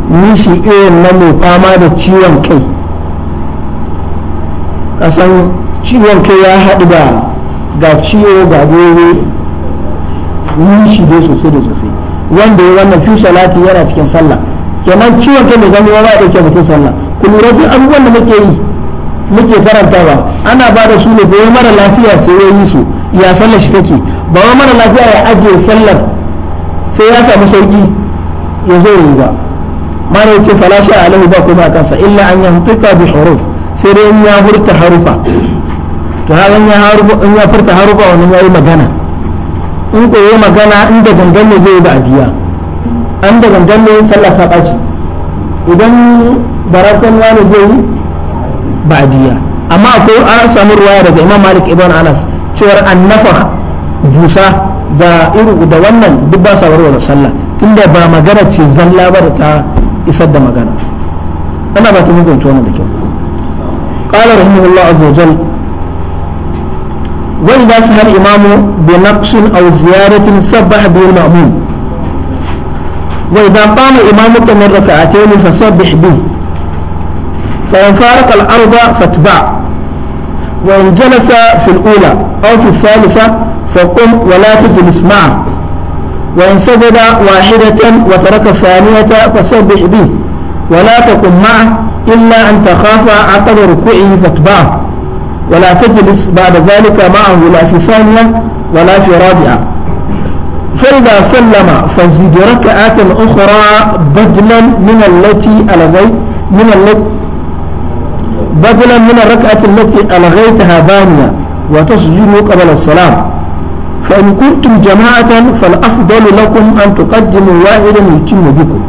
nishi irin na mai fama da ciwon kai kasan ciwon kai ya haɗu da ga ciwo ga gobe nishi dai sosai da sosai wanda ya wannan fi salati yana cikin sallah kenan ciwon kai mai zama ba za a ɗauke mutum sallah ku lura duk abubuwan da muke yi muke karantawa ana ba da su ne ba mara lafiya sai ya yi su ya sallar shi take ba wai mara lafiya ya ajiye sallar sai ya samu sauki ya zo ya yi ba mara yace fala sha alaihi ba kuma kansa illa an ka bi huruf sai dai in ya furta harufa to haka in ya furta harufa wannan ya yi magana in ko yayi magana in da gangan ne zai yi ba'adiyya an da gangan ne sallah ta ɓaci idan barakan wani zai yi ba'adiyya amma akwai an samu ruwaya daga imam malik ibn anas cewar annafa busa da iru da wannan duk ba sa warware sallah tunda ba magana ce zalla ba ta isar da magana ana ba ta mugunta wannan da kyau قال رحمه الله عز وجل وإذا سهى الإمام بنقش أو زيارة سبح به المأمون وإذا قام إمامك من ركعتين فسبح به فإن فارق الأرض فاتبع وإن جلس في الأولى أو في الثالثة فقم ولا تجلس معه وإن سجد واحدة وترك الثانية فسبح به ولا تكن معه إلا أن تخاف عقب ركوعه فاتبعه ولا تجلس بعد ذلك معه لا في ثانية ولا في رابعة فإذا سلم فزد ركعة أخرى بدلا من التي ألغيت من التي بدلا من الركعة التي ألغيتها بانية وتسجد قبل السلام فإن كنتم جماعة فالأفضل لكم أن تقدموا واحدا يتم بكم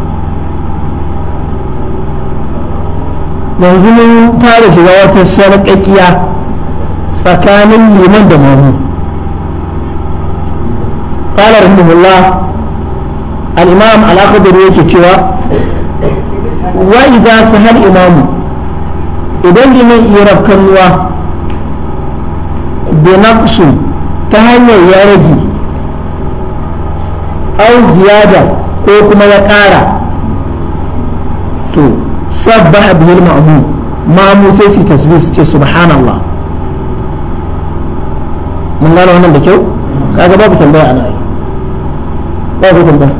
yanzu mun fara shiga wata sharkakiya tsakanin liman da mamu ƙwalar rahimahullah alimam imam yake cewa wa idan su hal imamu idan liman iya rafkanuwa da ta hanyar ya rage au ziyada ko kuma ya kara. sabbaha bihil ma'mum ma'mu sai su tasbih su ce subhanallah mun gano wannan da kyau kaga babu tambaya ana yi babu tambaya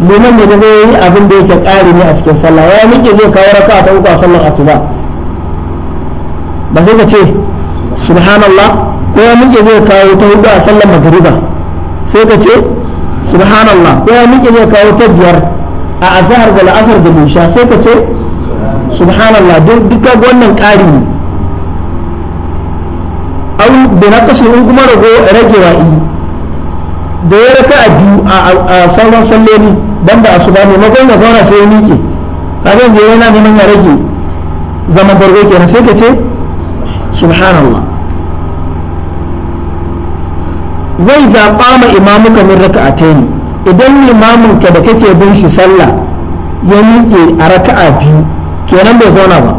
liman ne zai yi abin da yake ƙari ne a cikin sallah ya miƙe zai kawo raka ta uku a sallar asuba ba sai ka ce subhanallah ko ya miƙe zai kawo ta hudu a sallar sai ka ce subhanallah ya ta biyar a da la'asar da musha sai ka ce subhanallah duka wannan ƙari ne an da na kashe in kuma ragewa yi da ya raka a biyu a sauran salloli ban da asuba ne makon da zauna sai ya miƙe kafin je yana neman ya rage zaman bargo na sai ka ce subhanallah wai za kama imamuka min Taini. idan limamin ka da kake bin shi sallah ya miƙe a raka a biyu kenan bai zauna ba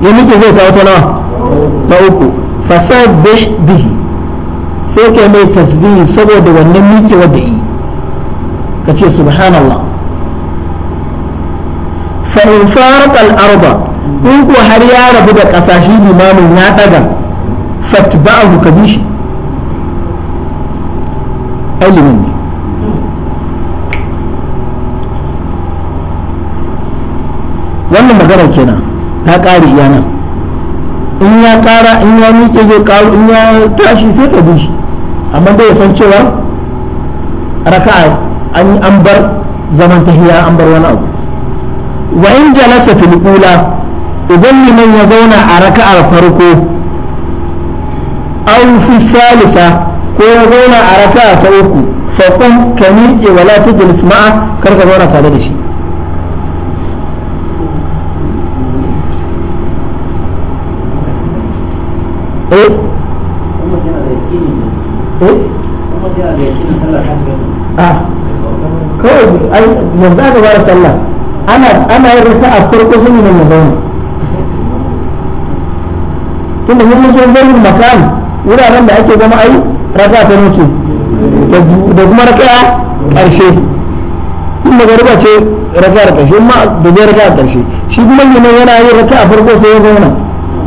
ya miƙe zai kawo ta nawa ta uku fasabbih bihi sai kai mai tasbihi saboda wannan miki da yi ka ce subhanallah fa in farqa al-arda in ko har ya rabu da kasashe limamin ya daga fatba'ahu kabishi ai wannan magana kenan ta ƙare iya nan in ya ƙara in ya miƙe zai ƙaru in ya tashi sai ka bi amma dai ya san cewa raka'a an an bar zaman tahiya an bar wani abu wa in jalasa fil ula idan liman ya zauna a raka'ar farko aw fi salisa ko ya zauna a raka'a ta uku fa kun ka miƙe wala tajlis ma'a kar ka zauna tare da shi eh, eh? Ah. kawai yanzu aka fara sallah ana yin rufa a farko sun yi mai zaune tunda mun sun zarin makan wuraren da ake zama ai raka ta mutu da kuma raka ƙarshe in daga riba ce raka ƙarshe ma da zai raka ƙarshe shi kuma liman yana yin raka a farko sai ya zauna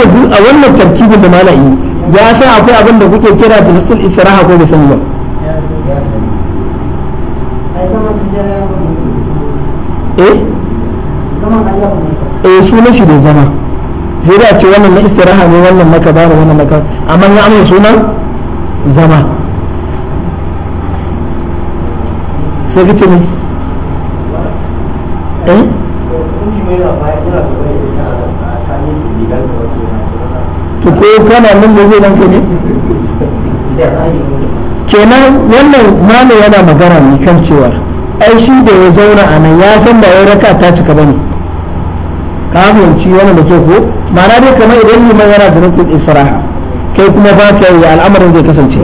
yanzu a wannan tartibin da mala'i ya sa akwai abin da kuke kira jilisul israha ko bai sani ba eh, eh sunan shi da zama zai da ce wannan na istiraha ne wannan maka kaza ne wannan maka amma ya amince sunan zama sai kace ne eh ko kana nan da zai ranka ne kenan wannan malam yana magana ne kan cewa ai shi da ya zauna a nan ya san ba wai raka ta cika bane ka fahimci wannan da ke ko ma'ana dai kamar idan liman yana da nufin isra'a kai kuma ba ka yi al'amarin zai kasance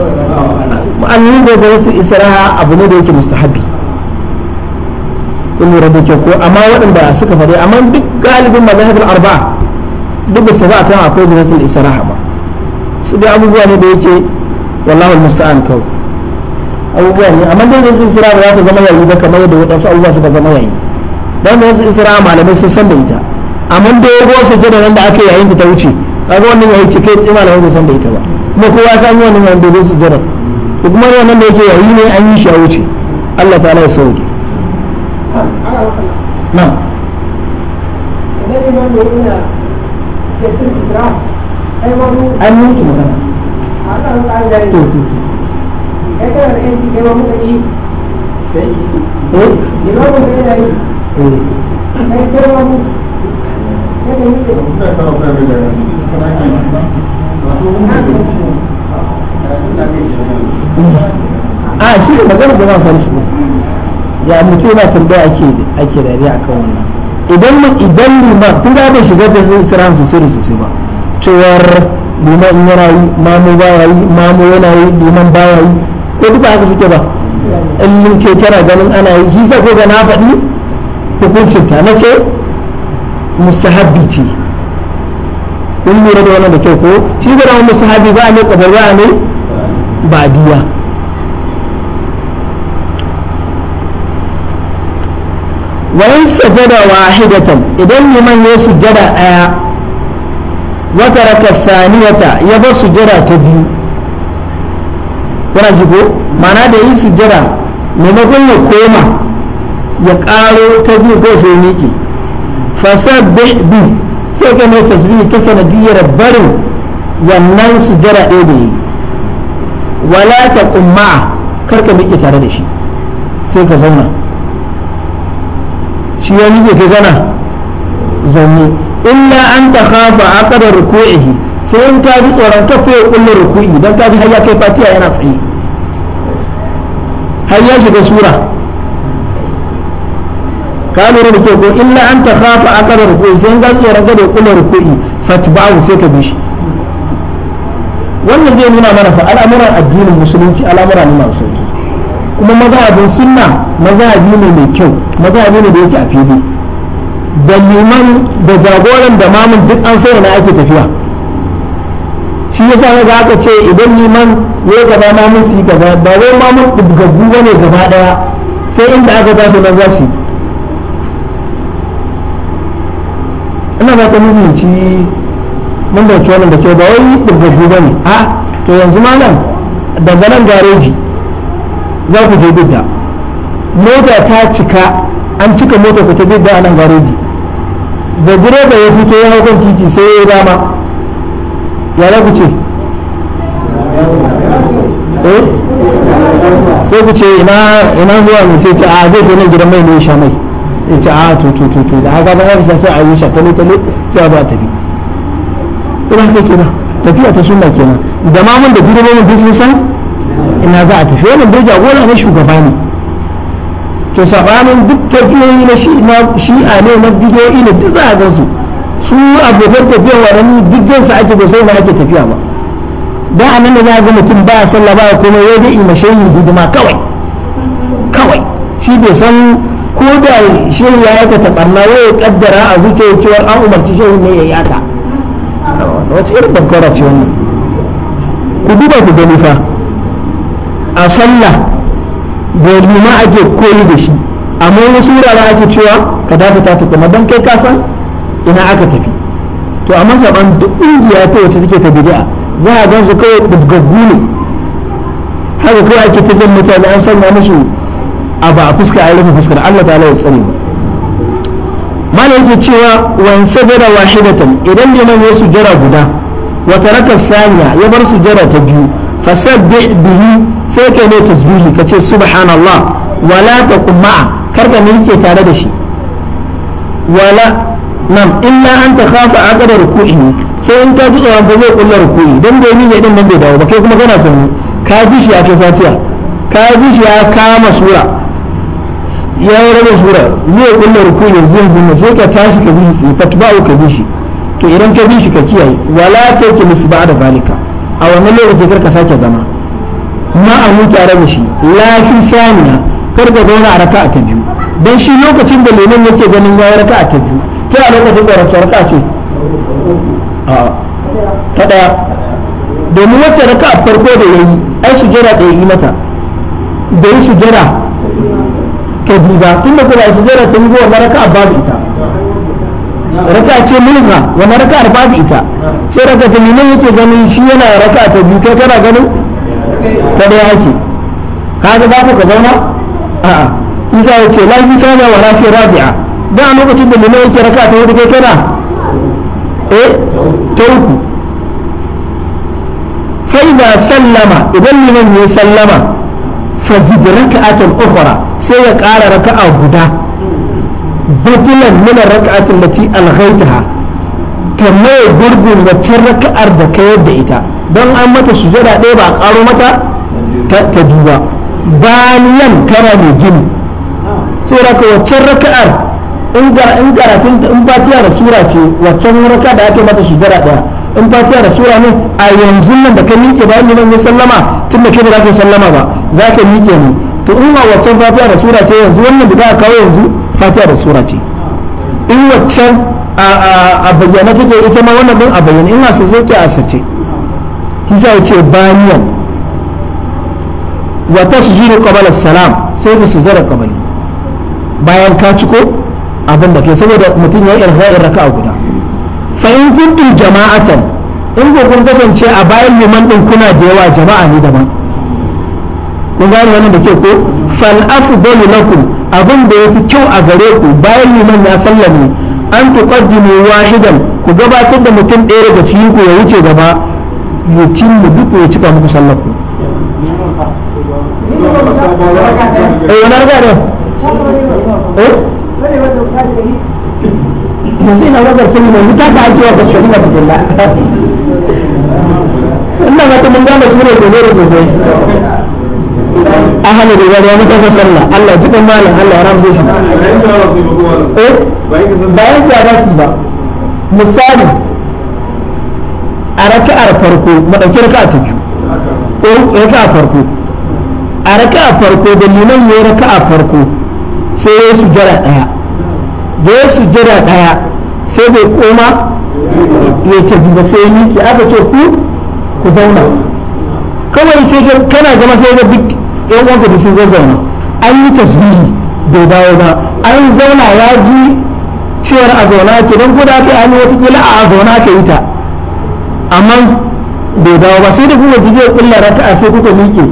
an yi da nufin isra'a abu ne da yake mustahabi kun lura da ke ko amma waɗanda suka faɗi amma duk galibin mazhabin arba'a duk da sabu a kan akwai jinatul raha ba su dai abubuwa ne da yake wallahu musta'an kawo abubuwa ne amma dai jinatul israha ba za ta zama yayi ba kamar yadda waɗansu abubuwa suka zama yayi dan jinatul israha malamai sun san da ita amma dai ruwa su da nan da aka yayin da ta wuce kaga wannan yayi ce kai tsaye malamai bai san da ita ba kuma kowa ya san wannan yayin dogon su jira ko kuma wannan da yake yayi ne an yi shi a wuce Allah ta'ala ya sauke na'am an yanke magana to eh? a ah, shi ne magana da ya mutu tambaya ake dariya wannan idan mu idan liman kun ga bai shiga da sirran sosai da sosai ba cewar liman in yana yi mamu baya yi mamu yana yi liman baya yi ko duka haka suke ba in mun ke kira ganin ana yi shi sa ko ga na faɗi hukuncin ta na ce mustahabbi ce kun lura da wannan da kyau ko shi ga mustahabbi ba ne kabar ba ne diya wayan sajada wahidatan idan liman ya sujada daya wata raka saniyata ya bar sujada ta biyu kuna jigo mana da yi sujada maimakon ya koma ya karo ta biyu ko sai miki Fasad bi sai ka mai tasbihi ta sanadiyar barin wannan sujada ɗaya da yi wala ta kar karka miƙe tare da shi sai ka zauna shi ya nike ke gana zanne illa an ta khafa aqdar ruku'ihi sai in ta ji tsoron kafa ya kullu ruku'i dan ta ji hayya kai fatiya yana tsaye Hayya shiga sura ka lura da ke ko illa an ta khafa aqdar ruku'i sai in ka ji tsoron kafa ya kullu ruku'i fatba'u sai ka bi shi wannan zai nuna mana fa al'amuran addinin musulunci al'amura ne masu sauki kuma mazhabin sunna mazhabi ne mai kyau mazhabi ne da yake a fili da liman da jagoran da mamun duk an sai na ake tafiya shi yasa ga aka ce idan liman ya gaba mamun su yi gaba ba wai mamun ɗubgaggu ba ne gaba ɗaya sai inda aka tashi nan za su yi ina ba ta muhimmanci mun da wannan da kyau ba wai ɗubgaggu ba ne a to yanzu malam daga nan gareji za ku je bidda mota ta cika an cika mota ku ta bidda a nan gareji da direba ya fito ya hau titi sai ya yi dama ya ku ce eh? sai ku ce ina zuwa mai sai ce a ah, zai ta nan gidan mai ne sha mai ya ce a ah, to to to da haka ba yarsa sai a yi sha tale tale sai a ba tafi ina haka kenan tafiya ta sunna kenan da mamun da direbobin duk sun san ina za a tafi wannan dai gona ne shugaba ne to sabanin duk tafiyoyi na shi'a ne na bidiyoyi ne duk za a gansu su abokan tafiya waɗanni duk jinsa ake ba sai na ake tafiya ba da a nan za a ga mutum ba a sallah ba kuma ya da imashe yin hidima kawai kawai shi bai san ko da shi ya aikata barna ya kaddara a zuciyar cewa an umarci shehu ne ya yaka haka wace irin babbara ce wannan ku duba ku gani fa a sallah gobe ma ake koyi da shi amma wasu wurare ake cewa ka dafa ta kuma don kai kasan ina aka tafi to amma saban duk ƙungiya ta wacce take ta bid'a za a gan su kawai bugaggu ne haka kawai ake ta jan mutane an sanya musu a ba a fuska a rufe fuskar Allah ta ya tsare mana yake cewa wan sajada wahidatan idan liman ya sujjara guda wa taraka thaniya ya bar sujjara ta biyu fasabbih bihi sai kai ne tasbihi ka kace subhanallah wala taqum ma'a karka ne yake tare da shi wala nam illa an ta khafa aqda ruku'in sai in ka ji tsoron ba zai kullar ruku'i dan da ni ne din nan bai dawo ba kai kuma kana tsamme ka ji shi ya kai fatiha ka ji shi ya kama sura ya yi raba sura zai kullar ruku'i yanzu yanzu ne sai ka tashi ka bi shi fatba'u ka bi shi to idan ka bi shi ka kiyaye wala ta kilis ba da zalika a wannan lokaci kar ka sake zama ma a mu tare da shi lafi shaniya kar ka zauna a raka'a ta biyu dan shi lokacin da lemon yake ganin ya raka'a ta biyu kai a lokacin da wacce raka'a ce a ta daya domin wacce raka'a farko da yayi ai su jira da yi mata da yi jira ta biyu ba tun da kuma jira ta biyu ba raka'a babu ita raka ce mulka wani raka da babu ita ce raka ta nuna yake ganin shi yana raka ta biyu ta kana ganin ta da yake ba ku ka ka a a'a isa ya ce lafi kana wa rafi rabi'a da a lokacin da nuna yake raka ta wadda kai kana eh ta uku faida sallama idan nuna ne sallama fa zid raka'atan ukhra sai ya ƙara raka'a guda batilan min raka'atin lati alghaitaha kame gurbin waccan raka'ar da ka yadda ita don an mata sujada ɗaya ba a ƙaro mata ta duba baniyan kana mai gini sai raka waccan raka'ar in karatun in fatiya da sura ce waccan raka da ake mata sujada ɗaya in fatiya da sura ne a yanzu nan da ka miƙe bayan nan ya sallama tun da ke ba za ka sallama ba za ka miƙe ne to in ma waccan fatiya da sura ce yanzu wannan da ka a kawo yanzu fatiha da sura ce in waccan a bayyana take ita ma wannan din a bayyana ina asa zo ke sace. kisa ya ce baniyan wa tasjudu qabala salam sai ku sujada qabali bayan ka ciko abin da ke saboda mutum ya yi irgha'in raka'a guda fa in kuntum jama'atan in ko kun kasance a bayan liman din kuna da yawa jama'a ne daban kun gane wannan da ke ko fal afdalu lakum abin da ya fi kyau a gare ku bayan liman ya sallame an tuqaddimu wahidan ku gabatar da mutum ɗaya daga cikin ku ya wuce gaba mutum mu duk ya cika muku sallar ku eh na riga da eh yanzu ina ragar kin yanzu ta ta ake wa kaskari na tukunna ina ga mun gane su ne sosai da sosai ahli riwar ya mutu ka sallah Allah ji dan malam Allah ya ramze shi bayan ka ba su ba misali a raka'ar farko madauki raka'a ta biyu eh raka'a farko a raka'a farko da liman ya raka'a farko sai ya sujjara daya da ya sujjara daya sai bai koma ya tafi ba sai ya miki aka ce ku ku zauna kawai sai kana zama sai ga duk yan wanda da sun zazzauna an yi tasbihi bai dawo ba an zauna ya ji cewar a zauna ke don guda ta yi wata kila a zauna ka yi ta amma bai dawo ba sai da kuka ji zai kulla rata a sai kuka miƙe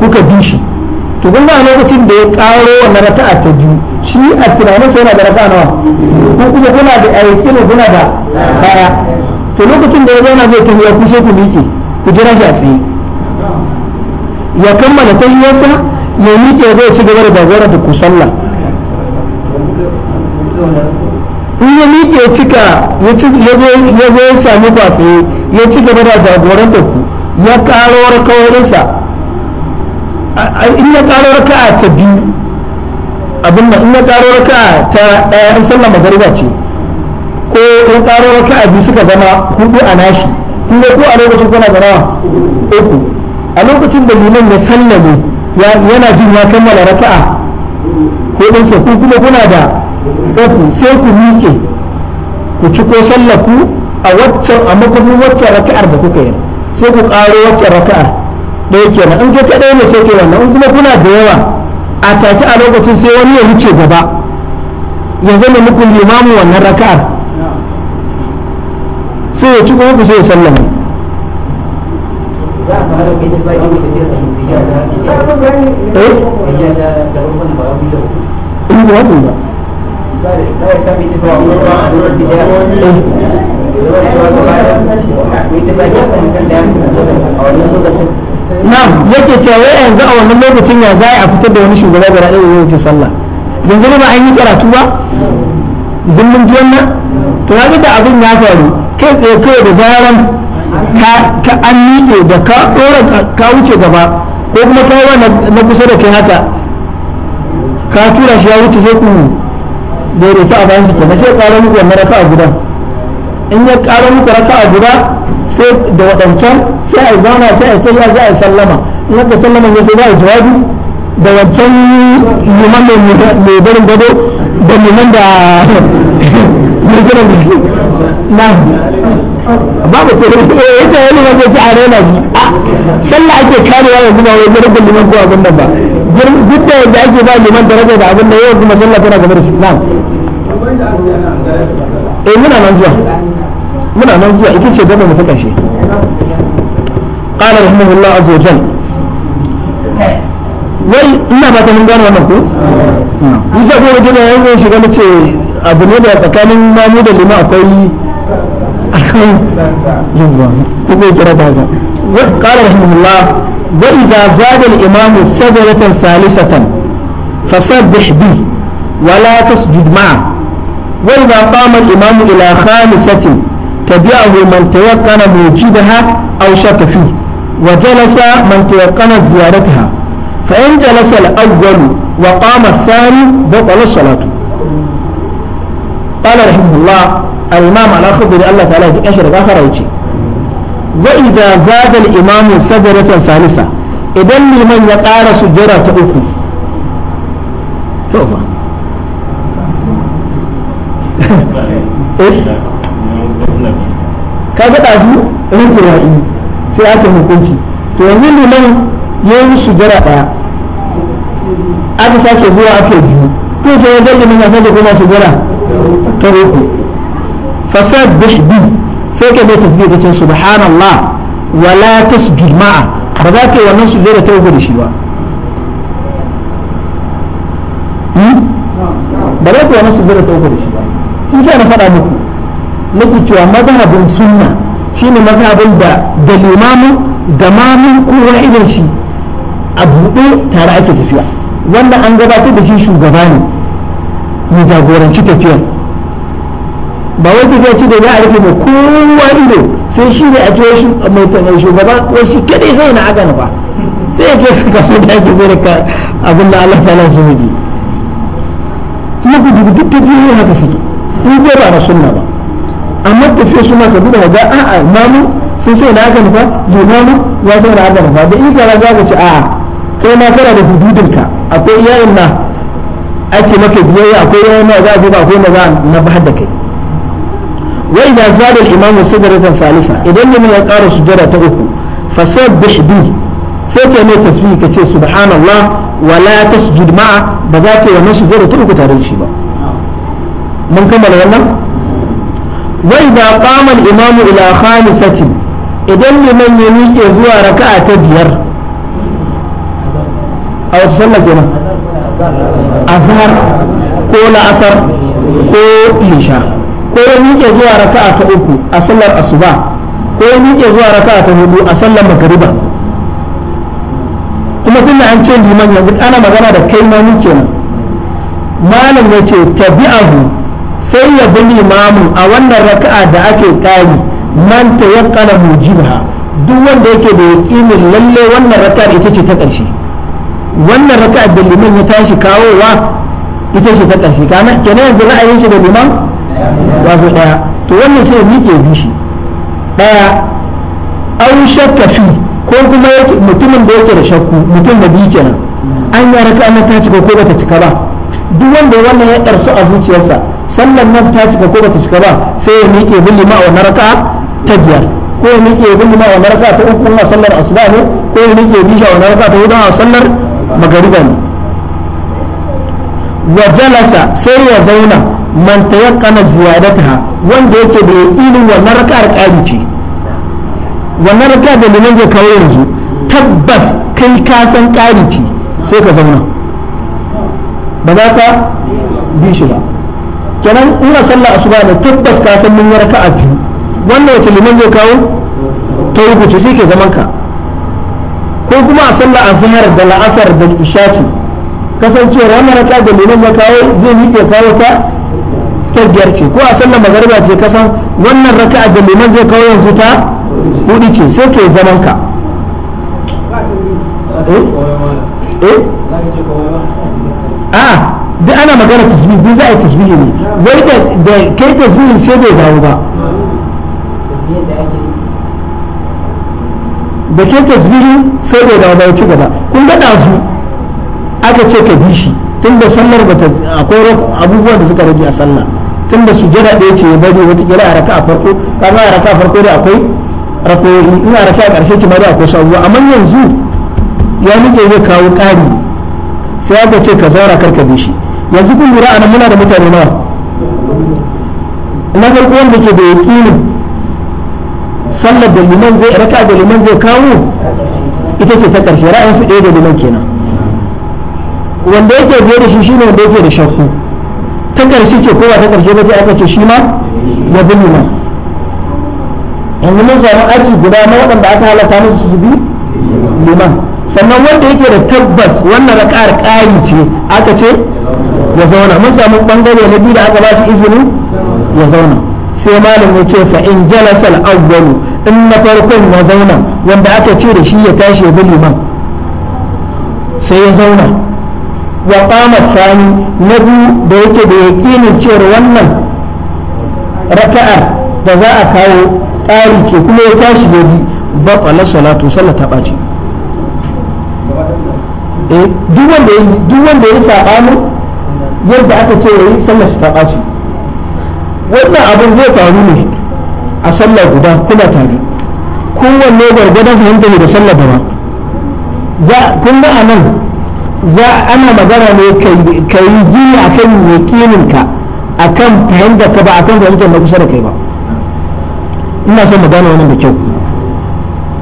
kuka bi shi to kun ba lokacin da ya ƙaro wannan rata a ta biyu shi a tunanin sai na da rata nawa ko kuma kuna da ayyuki ne kuna da baya to lokacin da ya zauna zai tafiya ku sai ku miƙe ku jira shi a tsaye ya kammala ta tahiyarsa ya miƙe zai ci gaba da dagora da kusalla in ya miƙe ya cika ya zo ya sami kwatsaye ya ci gaba da jagoran da ku ya ƙaro A in ya ƙaro raka'a ta biyu abin da in ya ƙaro raka'a ta ɗaya in sallah magariba ce ko in ƙaro raka'a biyu suka zama hudu a nashi in ko a lokacin kuna zama uku a lokacin da liman ya sallame yana jin ya kammala raka'a ko dan sai ku kuma kuna da uku sai ku miƙe ku ci ko sallaku a waccan a makamin waccan raka'ar da kuka yi sai ku ƙaro waccan raka'ar ɗaya kenan in kai kaɗai ne sai ke wannan in kuma kuna da yawa a take a lokacin sai wani ya wuce gaba ya zama muku limamu wannan raka'ar sai ya ci ko ku sai ya sallame in da wannan ba Na'am yake cewa yanzu a wannan lokacin ya za a fitar da wani shugaba guda wuce sallah yanzu ba an yi karatu ba gullun tuwan to ya da abin ya faru kai tsaye kawai da zaran ka an miƙe da ka ɗora ka wuce gaba ko kuma kawo na kusa da kai haka ka tura shi ya wuce sai ku daidaita a bayan shi na sai ƙara muku wannan raka a guda in ya ƙara muku raka a guda sai da waɗancan sai a zauna sai a tafiya sai a sallama in aka sallama ne sai za a jawabi da wancan liman mai barin gado da liman da mai shirin na babu ko eh yace wani ma zai ci a raina shi a sallah ake karewa yanzu ba wai darajar liman ko abin nan ba duk da yadda ake ba liman daraja da abin da yau kuma sallah tana gaba da shi na'am eh muna nan zuwa muna nan zuwa ita ce gaba mu ta karshe qala rahimahullah azza wa jalla wai ina ba ta mun wannan ko ko wajen shiga na ce abu ne da tsakanin mamu da liman akwai نحن قال رحمه الله وإذا زاد الإمام سجدة ثالثة فسبح به ولا تسجد معه وإذا قام الإمام إلى خامسة تبعه من تيقن موجبها أو شك فيه وجلس من تيقن زيارتها فإن جلس الأول وقام الثاني بطل الصلاة قال رحمه الله al-imam ala khudri Allah ta'ala ya shi da gafara yace wa idza zada al-imam sadaratan salisa idan liman ya ƙara sujjara ta uku to fa eh? ka ga ɗazu rufe wa'i sai aka hukunci to yanzu liman ya yi sujjara ɗaya aka sake zuwa aka biyu to sai ya ga liman ya sake kuma sujjara ta uku fasabbih bi sai ka bai tasbih ka ce subhanallah wala tasjud ma'a ba za ka yi wannan sujjada ta uku da shi ba ba za yi wannan da shi ba sun sa na faɗa muku nake cewa mazhabin sunna shine mazhabin da da limamin da mamun kowa irin shi a buɗe tare ake tafiya wanda an gabatar da shi shugaba ne ya jagoranci tafiyar ba wai tafiya ce da ya a rufe ba kowa ido sai shi ne a ce shi mai tanar shugaba ko shi kadai sai na aka ba sai ya ke su so da ake zai da abin da Allah ta'ala su hudu kuma ku dubu duk tafiyoyi haka suke in ko ba na sunna ba amma tafiya suna ka duba ga a'a mamu sun sai na nufa ba limamu ya sai na aka ba da ikara za ka ce a'a kai ma kana da hududinka akwai iyayen na ake maka biyayya akwai iyayen na za a duba akwai na za a na bahar da kai wai da zada imamu sigaratan salisa idan liman ya ƙara sujjada ta uku fasabbih bi sai ka mai tasbih ka ce subhanallah wala tasjud ma'a ba za ka yi wannan sujjada ta uku tare da ba mun kammala wannan wai da qama al-imamu ila khamisatin idan liman ya miƙe zuwa raka'a ta biyar a wata sallah kenan azhar ko la'asar ko isha ko ya miƙe zuwa raka'a ta uku a sallar asuba ko ya miƙe zuwa raka'a ta hudu a sallar magariba kuma tun da an ce liman yanzu ana magana da kai ma muke nan malam ya ce tabi'ahu sai ya bi limamin a wannan raka'a da ake ƙari man ta yakkana mujibaha duk wanda yake da yaƙinin lalle wannan raka'ar ita ce ta ƙarshe wannan raka'ar da liman ya tashi kawowa ita ce ta ƙarshe kana kenan yanzu ra'ayin shi da liman ya ɗaya to wannan sai ya miƙe bishi ɗaya an shakka fi ko kuma mutumin da yake da shakku mutum da biyu kenan an yi raka an ta cika ko ba ta cika ba duk wanda wannan ya ɗarsu a zuciyarsa sallan nan ta cika ko ba ta cika ba sai ya miƙe bulli ma a wannan raka ta biyar ko ya miƙe bulli ma a wannan raka ta uku a sallar asuba ne ko ya miƙe bishi a wannan raka ta hudu a sallar magariba ne wa jalasa sai ya zauna man tayaqqana ziyadataha wanda yake da yaqinin wannan raka'ar ƙari ce wannan raka da liman ya kawo yanzu tabbas kai ka san ƙari ce sai ka zauna ba za ka bi shi ba kenan ina sallah asuba ne tabbas ka san mun raka a biyu wanda wace liman ya kawo ta rubuce sai ke zaman ka ko kuma a sallah zahar da la'asar da ishaki kasancewar wannan raka da liman ya kawo zai miƙe kawo ta ta biyar ce ko a sallar magariba ce ka san wannan raka'a da liman zai kawo yanzu ta hudu ce sai ke zaman ka eh? eh? a ah, duk ana magana tasbih duk za a yi tasbih ne wai da kai tasbihin sai bai dawo ba da ke tasbihi sai bai dawo ba ya ci gaba kun ga ɗazu aka ce ka bi shi tun da sallar akwai abubuwan da suka rage a sallah tunda jira ɗaya ce ya bari wata kira a raka a farko kaga a raka a farko da akwai rakoyi ina raka a ƙarshe ce ma da akwai sabuwa amma yanzu ya muke zai kawo ƙari sai aka ce ka zaura karka bi shi yanzu kun lura anan muna da mutane nawa na farko wanda ke da yaƙini sallar da liman zai raka da liman zai kawo ita ce ta ƙarshe ra'ayinsu ɗaya da liman kenan wanda yake biye da shi shine wanda yake da shakku ta karshe ce ko ta karshe ba ce aka ce shi ma ya bulu ma yanzu mun samu aji guda na waɗanda aka halatta musu su bi liman sannan wanda yake da tabbas wannan raka'ar ƙari ce aka ce ya zauna mun samu ɓangare na biyu da aka ba shi izini ya zauna sai malam ya ce fa in jalasa al in na farkon ya zauna wanda aka ce da shi ya tashi ya bi liman sai ya zauna wa kama sani na biyu da yake da yakinin cewar wannan raka'ar da za a kawo ƙari ce kuma ya tashi da bi batsalar salatu sallar ta ɓaci eh, duk wanda ya saɓanin yadda aka ce ya yi sallar ta ɓace wannan abin zai faru ne a sallar guda kuma tare kowanne gwargwadon fahimta ne da sallar da ba za kun ga a nan za ana magana ne ka yi jini a kan yakininka a kan fahimta ka ba a kan fahimtar na kusa da kai ba ina son magana wannan da kyau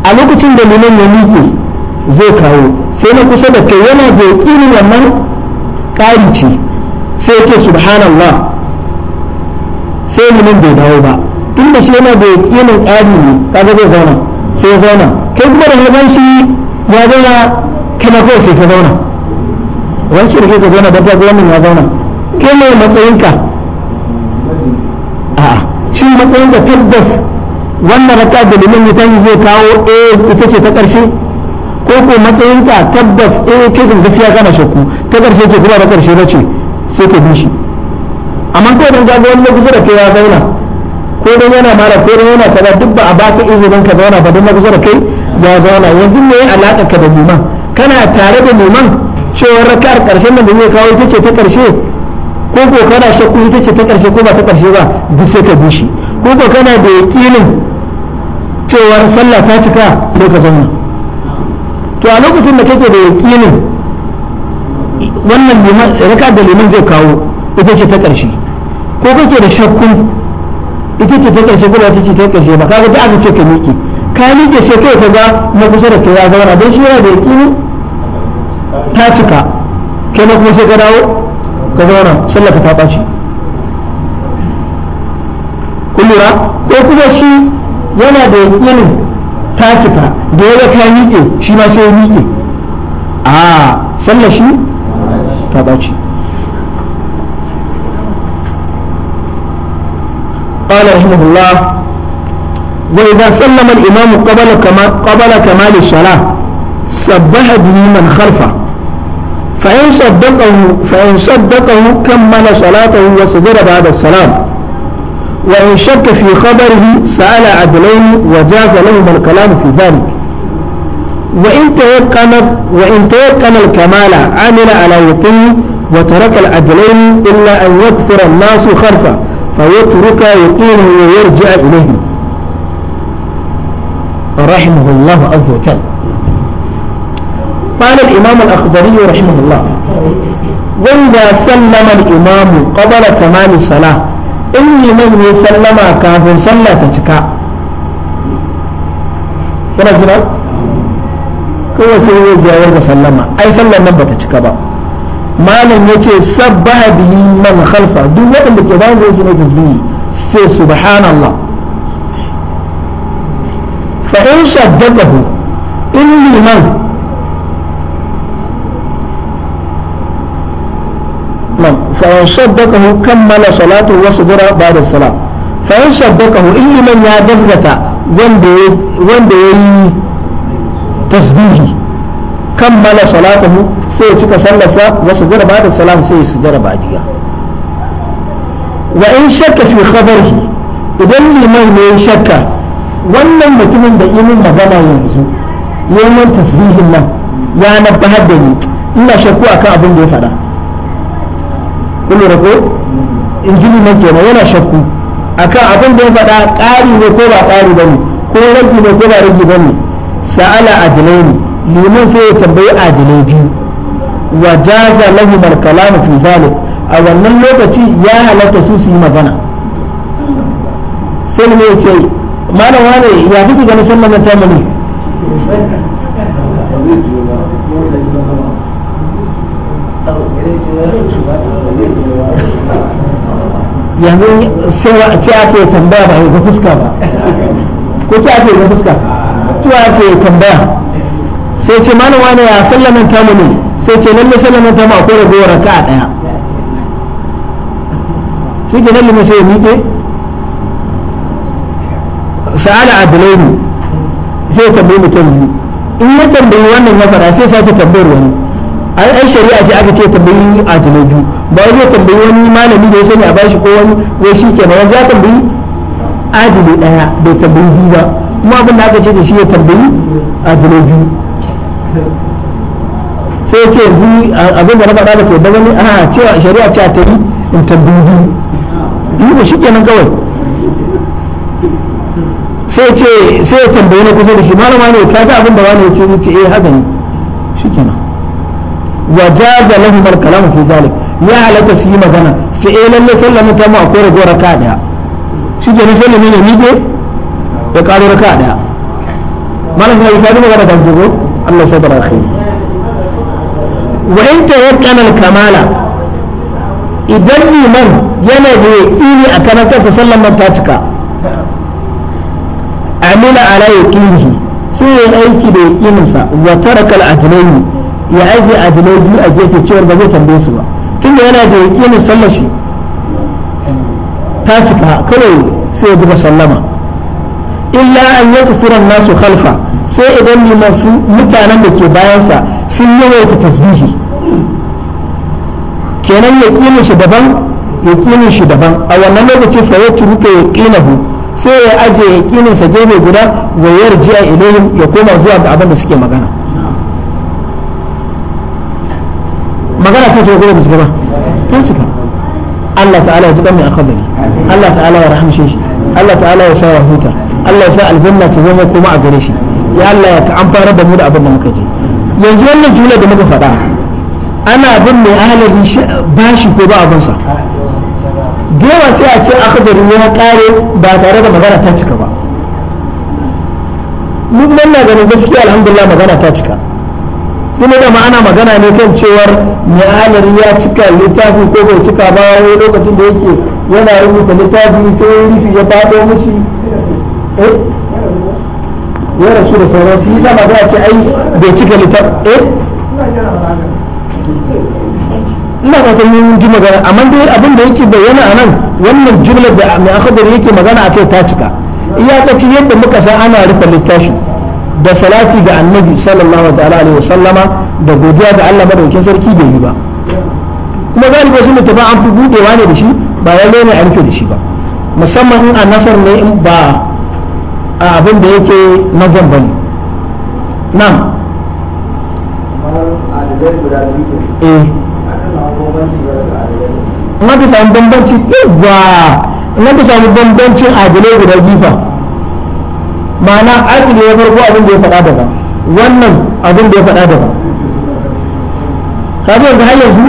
a lokacin da neman ya miƙe zai kawo sai na kusa da kai yana da yakinin wannan ƙari ce sai ya ce subhanallah sai neman bai dawo ba tun da shi yana da yakinin ƙari ne kaga zai zauna sai ya zauna kai kuma da shi ya zauna kana kawai sai ka zauna wancan da ka zauna dabba ga wannan ya zauna Ke ne matsayinka a shi matsayin da tabbas wannan raka da limin mutane zai kawo a eh, ita ce ta ƙarshe ko ko matsayinka tabbas a eh, ke kan gaskiya kana shakku ta ƙarshe ce kuma da ƙarshe ba ce sai ka bishi amma ko dan ga wani lokaci da kai ya zauna ko dan yana mara ko dan yana kaza duk ba a baka izinin ka zauna ba dan kusa da kai ya zauna yanzu me ya alaka ka da liman kana tare da liman cewar raka'ar karshen nan da zai kawo ita ce ta karshe ko ko kana shakku ita ce ta karshe ko ba ta karshe ba duk sai ka gushi ko ko kana da yaƙinin cewar sallah ta cika sai ka zama to a lokacin da kake da yaƙinin wannan liman raka da liman zai kawo ita ce ta karshe ko kake da shakku ita ce ta karshe ko ba ta ce ta karshe ba kaga ta aka ce ka miƙe ka miƙe sai kai ka ga na kusa da kai ya zauna don shi yana da yaƙinin. ta cika kenan kuma sai ka dawo ka zauna sallaka ta ɓaci kun ko kuma shi yana da yakinin ta cika da ya ta miƙe shi ma sai ya miƙe a sallah shi ta ɓaci قال رحمه الله وإذا سلم الإمام قبل كمال الصلاة سبح به من خلفه فإن صدقه فإن صدقه كمل صلاته وصدر بعد السلام وإن شك في خبره سأل عدلين وجاز لهما الكلام في ذلك وإن تيقن وإن تيقن الكمال عمل على يقين وترك العدلين إلا أن يكثر الناس خلفه فيترك يقينه ويرجع إليه رحمه الله عز وجل قال الإمام الأخضري رحمه الله وإذا سلم الإمام قبل تمام الصلاة إني من كافر صلى da sallama ai sallan nan ba malam ya ce sabbaha bihi man khalfa duk waɗanda ke bayan zai suna فإن صدقه كمل صلاته وصدر بعد الصلاة فإن صدقه إن من يا جزغتا wanda ya yi tasbihi kammala salatahu sai ya cika sallarsa wasu jaraba da salam sai ya sujara badiya wa in shakka fi idan liman ne ya shakka wannan mutumin da imin magana yanzu neman tasbihin nan ya nabbahar da ni ina shakku akan abin da ya faɗa kullum da ko ji nan kenan yana shakku akan abin da ya faɗa ƙari ne ko ba ƙari ba ne ko ragi ne ko ba ragi ba ne sa'ala adilai ne liman sai ya tambayi adilai biyu wa jaza kalamu fi zalik a wannan lokaci ya halatta su su yi magana sai ne ya ce malam wane ya kike ganin ta ne yanzu sai wa ci ake tambaya ba ga fuska ba ko ci ake ga fuska wa ake tambaya sai ce mana wani ya sallaman tamu ne sai ce lalle sallaman tamu akwai gowar raka a ɗaya shi ke nan lima sai ya miƙe sa'ala adalaini sai ya tambayi mutum biyu in ya tambayi wannan ya fara sai sake tambayar wani ai shari'a ce aka ce tambayi adalai biyu ba zai tambayi wani malami da ya sani a bashi ko wani wai shi ke bayan ya tambayi adili daya bai tambayi biyu ba kuma abin da aka ce da shi ya tambayi adili biyu sai ce yanzu abin da na faɗa da kai ba wani a cewa shari'a ce ta yi in tambayi biyu yi ba shi kenan kawai sai ce sai ya tambayi na kusa da shi malama ne ka ga abin da wani ya ce zai ce eh haka ne shi kenan wa jaza lahumar al-kalamu fi zalik ya halatta su yi magana su eh lalle sallama ta mu akwai ragowar raka daya shi ke ni sallami ne mije ya karo raka daya malam sai ka duba magana da dubo Allah sabara khair wa in tayakkana al-kamala idan liman yana da yaqini a kanan kansa sallama ta cika amila ala yaqinihi sai ya aiki da yaqininsa wa taraka al-ajnabi ya aiki ajnabi a gefe cewar ba zai tambaye su ba tunda yana da yaƙinin sallashi ta cika kawai sai ya buga sallama illa an yi kufuran nasu khalfa sai idan liman mutanen da ke bayansa sun ta tasbihi kenan yaƙinin shi daban yaƙinin shi daban a wannan lokaci fa ya yaƙinahu sai ya aje yaƙinin sa gefe guda wayar ji a ilayhim ya koma zuwa ga abin da suke magana magana ta ce ko da zuba ba ya cika Allah ta'ala ya ji kan mai Allah ta'ala ya rahamshe shi Allah ta'ala ya sa huta Allah ya sa aljanna ta zama kuma a gare shi ya Allah ya ka amfara da mu da abin da muka je yanzu wannan jula da muka faɗa ana bin mai ahalari bashi ko ba abin sa dewa sai a ce akhadari ya kare ba tare da magana ta cika ba mun nan na ganin gaskiya alhamdulillah magana ta cika kuma da ma'ana magana ne kan cewar mu'alar ya cika littafi ko bai cika ba wani lokacin da yake yana rubuta littafi sai ya rufi ya faɗo mishi eh? ya rasu da sauran su yi sama za a ce ai bai cika littafi eh ina fatan mun ji magana amma dai abin da yake bayyana a nan wannan jumlar da mai akhadar yake magana akai ta cika iyakaci yadda muka san ana rufe littafi da salati ga annabi sallallahu alaihi wasallama da godiya ga Allah madaukin sarki bai yi ba kuma galibi wasu ba an fi budewa ne da shi ba lalle ne a rufe da shi ba musamman in a nasar ne in ba a abin da yake nazan ba ne nan eh. in ka samu bambanci yawwa in ka samu bambancin adalai guda biyu fa ma'ana aiki ne ya farko abin da ya faɗa daban wannan abin da ya faɗa daban kaji yanzu har yanzu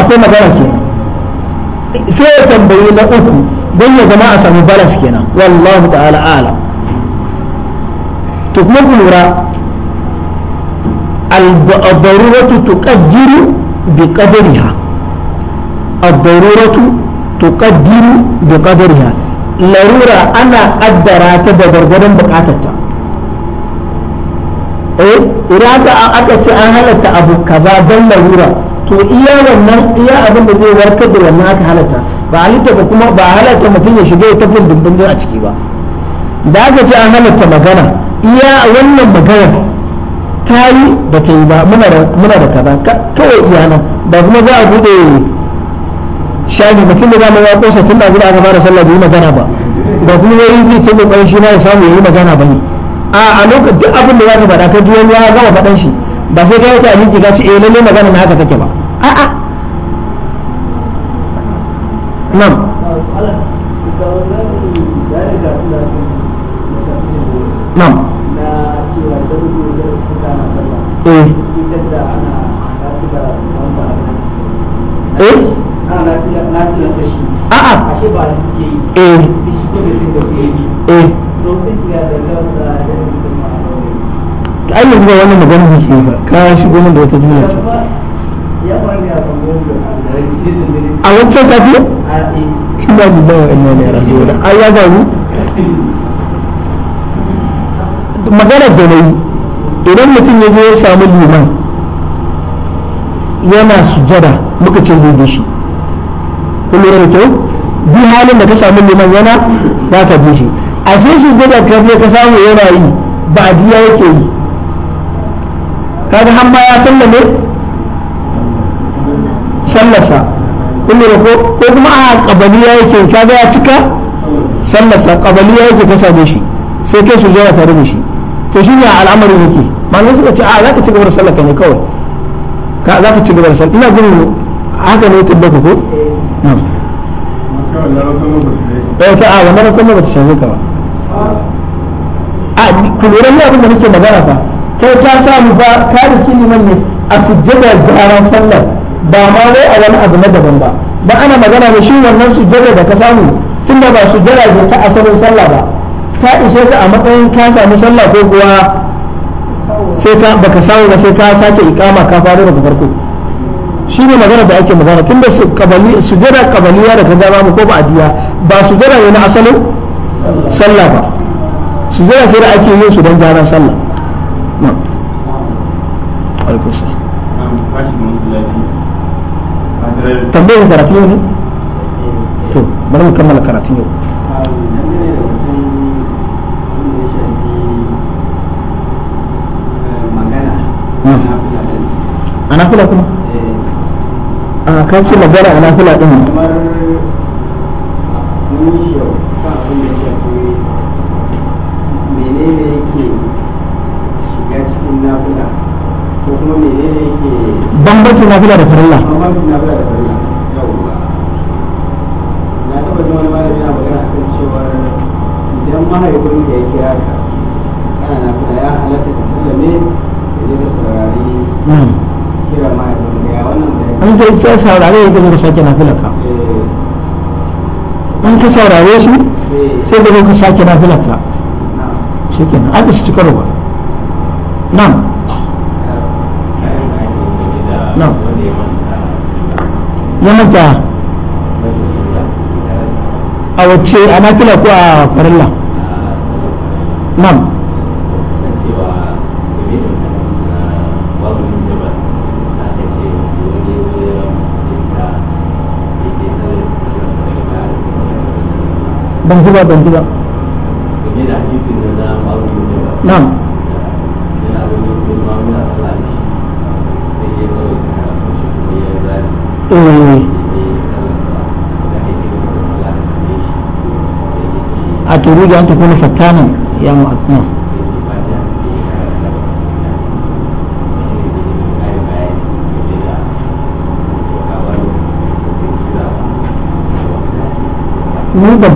akwai magana ke sai ya tambayi na uku don ya zama a samu balas kenan wallahu ta'ala ala to kuma ku lura الضرورة تقدر بقدرها الضرورة تقدر بقدرها larura ana kaddara ta da gargadin bukatarta eh idan aka ce an halatta abu kaza don larura to iya wannan iya abin da zai warkar da wannan aka halatta ba halitta ba kuma ba halatta mutum ya shiga ya tafi dindindin a ciki ba da aka ce an halatta magana iya wannan magana ta yi ba ta yi ba muna da kaza kawai iya nan ba kuma za a bude shafi mutum da dama ya kosa tun da zuwa aka fara sallah bai yi magana ba ba kuma yi zai ta kokarin shi ma ya samu yayi magana ba ne a a lokacin duk abin da za ka faɗa ka ji wani ya gama faɗan shi ba sai ka yi ta aliki ka ce eh lalle magana na haka take ba a a nan nan eh, eh? a'a eh eh ai yanzu ba wannan maganar ne shi ba ka shigo min da wata jumla ce a wancan eh. ba ina ba dawa ina ne rayuwa ai ya faru magana da na yi idan mutum ya zo ya samu liman yana sujada muka ce zai bi shi kun lura da kyau duk halin da ka samu liman yana za ka bi shi a sai shi da ka ka samu yana yi ba a diya yake yi kaga har ma ya sallame sallarsa kun lura ko ko kuma a kabaliya yake kaga ya cika sallarsa kabaliya yake ka same shi sai kai su jira tare da shi to shi ne al'amarin yake malamai suka ce a za ka ci gaba da sallarka ne kawai za ka ci gaba da sallar ina jin haka ne ya tabbata ko ɗauka eh, a wannan rakon ba ta shafe ka ba a ku lura ne abin da nake magana fa kai ta samu ba ka riski liman ne a sujjada gyaran sallar ba ma wai a wani abu na daban ba ba ana magana da shi wannan sujjada da ka samu tunda ba sujjada ce ta asalin sallah ba ta ishe ka a matsayin ka samu sallah ko kuwa sai ta baka samu ba sai ka sake ikama ka faru daga farko shi ne magana da ake magana tun da jira kabaliya da ta gana mu ko ba adiya ba sujada ne na asalin sallah ba sujada sai da ake yin su don gyaran sallah na alkusa tambayar karatu yau ne to bari mu kammala karatu yau ana kula kuma a kan ce magana a nafila din bambancin nafila da farilla bambancin da farilla na taba wani malami yana magana kan cewa idan mahaifin da ya kira ka kana nafila ya halatta ka sallame ka je ka saurari hmm. kira mahaifin an kai sai saurare ya gaba sake ka an ka saurare su sai gaba ka sake ka shi su ba nan nan ya manta a wacce a nafila ko a farilla nan ban ji ba ban ji ba na'am a turu da an tafi na fattanin ya mu'akna mu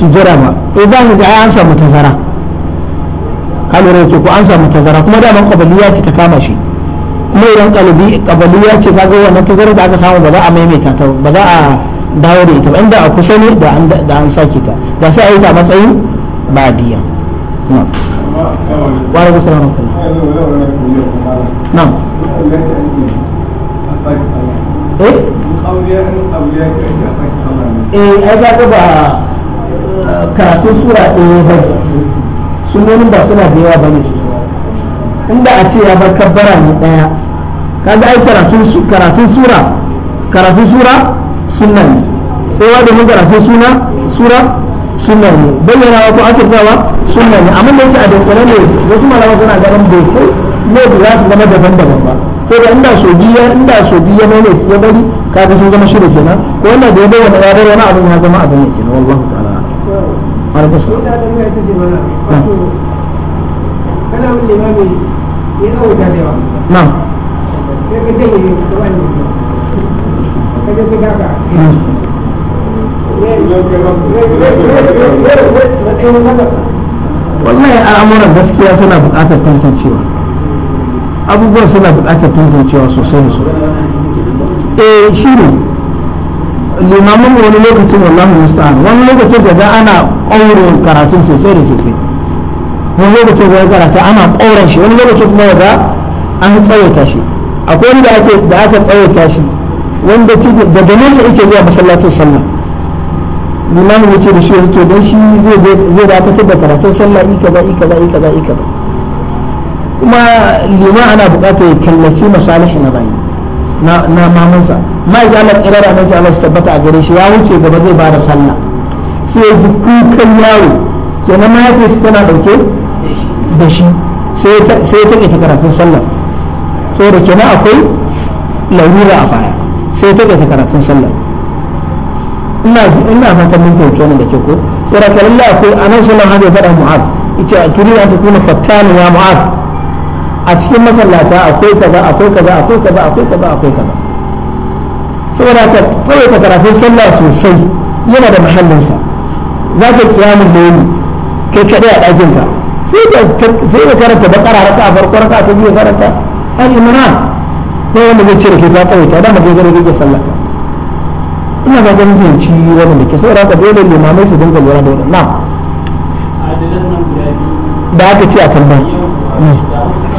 sujjada ba to eh, za mu ga an samu tazara ka lura ke ko an samu tazara kuma daman kabaliya ce ta kama shi kuma idan kalbi kabaliya ce kaga wannan tazara da aka samu ba za a maimaita ta ba za a dawo da ita ba inda a kusa ne da an da sake ta da sai a yi ta matsayin badiya na'am wa alaikum salam na'am eh eh ai ga ba karatun sura ɗaya ba sunonin ba suna da yawa ba ne sosai inda a ce ya bar kabbara ne ɗaya kaga ai karatun sura karatun sura sunna ne da mun karatun suna sura sunna ne bayyana ko asirtawa sunna ne amma da yake a dankare ne wasu malama suna ganin bai kai ne da za su zama daban-daban ba ko da inda so biya inda so biya ne ya bari kaga sun zama shida kenan ko wanda da ya bayyana ya bar wani abin ya zama abin ne kenan wallahi alkusa na wallahi al'amuran gaskiya suna buƙatar tantancewa abubuwan suna buƙatar tantancewa sosai da sosai eh shi ne limamin wani lokacin wallahu musta'an wani lokacin ga ana ƙaurin karatun sosai da sosai wani lokacin da ya karatu ana ƙauran shi wani lokacin kuma ga an tsawaita shi akwai da ake da aka tsawaita shi wanda daga nesa yake zuwa masallacin sallah limamin ya ce da shi yake da shi zai dakatar da karatun sallah da da ika da ika kuma liman ana buƙatar ya kallaci masalihin na na mamansa mai ya Allah tsirara mai Allah su tabbata a gare shi ya wuce gaba zai ba da sallah sai ya ji kukan yaro kenan su tana dauke da shi sai ya take ta karatun sallah saboda na akwai larura a baya sai ya take ta karatun sallah ina ina fata mun fahimci wannan da ke ko saboda kallon akwai anan sallan hada ya faɗa mu'az ita turi an ta kuna fattanu ya mu'ad a cikin masallata akwai kaza akwai kaza akwai kaza akwai kaza akwai kaza saboda ka ka karatun sallah sosai yana da mahallinsa za ka kiyamun laili kai kaɗai a ka sai ka karanta bakara raka a farko raka ta biyu karanta an imran ko wanda zai cire ke ta tsawaita da mu gare kake sallah ina ga ganin ci wannan da ke saboda ka dole ne mamai su dinga lura da wannan na da aka ce a tambayi hmm.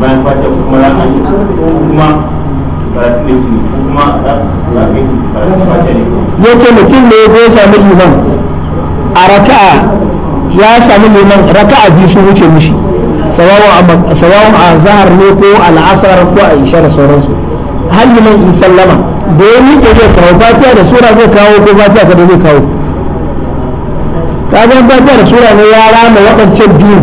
bayan fata ko kuma raka ne ko kuma ne ko kuma ne ya ce mutum ne ya sami liman a raka'a ya sami liman raka'a biyu sun wuce mishi sawawun a zahar ne ko al'asar ko a isha da sauransu har liman in sallama da ya nike zai kawo fatiya da sura zai kawo ko ka da zai kawo kaga fatiya da sura ne ya rama waɗancan biyu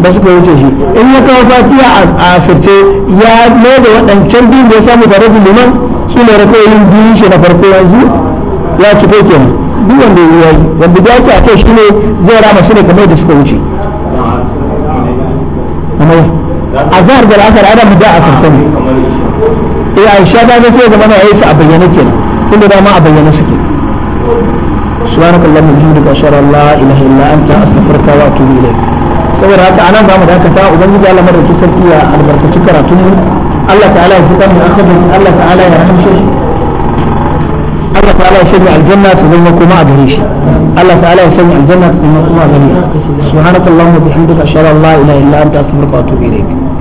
ba suka wuce shi in ya kawo fatiha a asirce ya mai waɗancan biyu da ya samu tare da liman su ne yin biyun shi na farko yanzu ya ci ko kenan duk wanda ya yi wanda ya ci a kai shi ne zai rama su ne kamar da suka wuce a zahar da asar adam da asirce ne eh aisha ta ga sai zama na yayi su a bayyane kenan da dama a bayyane suke سبحانك اللهم وبحمدك اشهد ان لا اله الا انت استغفرك واتوب اليك saboda haka anan za mu dakata ubangiji Allah madauki sarki ya albarkaci karatun mu Allah ta'ala ya jikan mu akadin Allah ta'ala ya rahamshe shi Allah ta'ala ya sanya aljanna ta zama kuma a gare shi Allah ta'ala ya sanya aljanna ta zama kuma a gare shi subhanakallahumma bihamdika ashhadu an la ilaha illa anta astaghfiruka wa atubu ilayk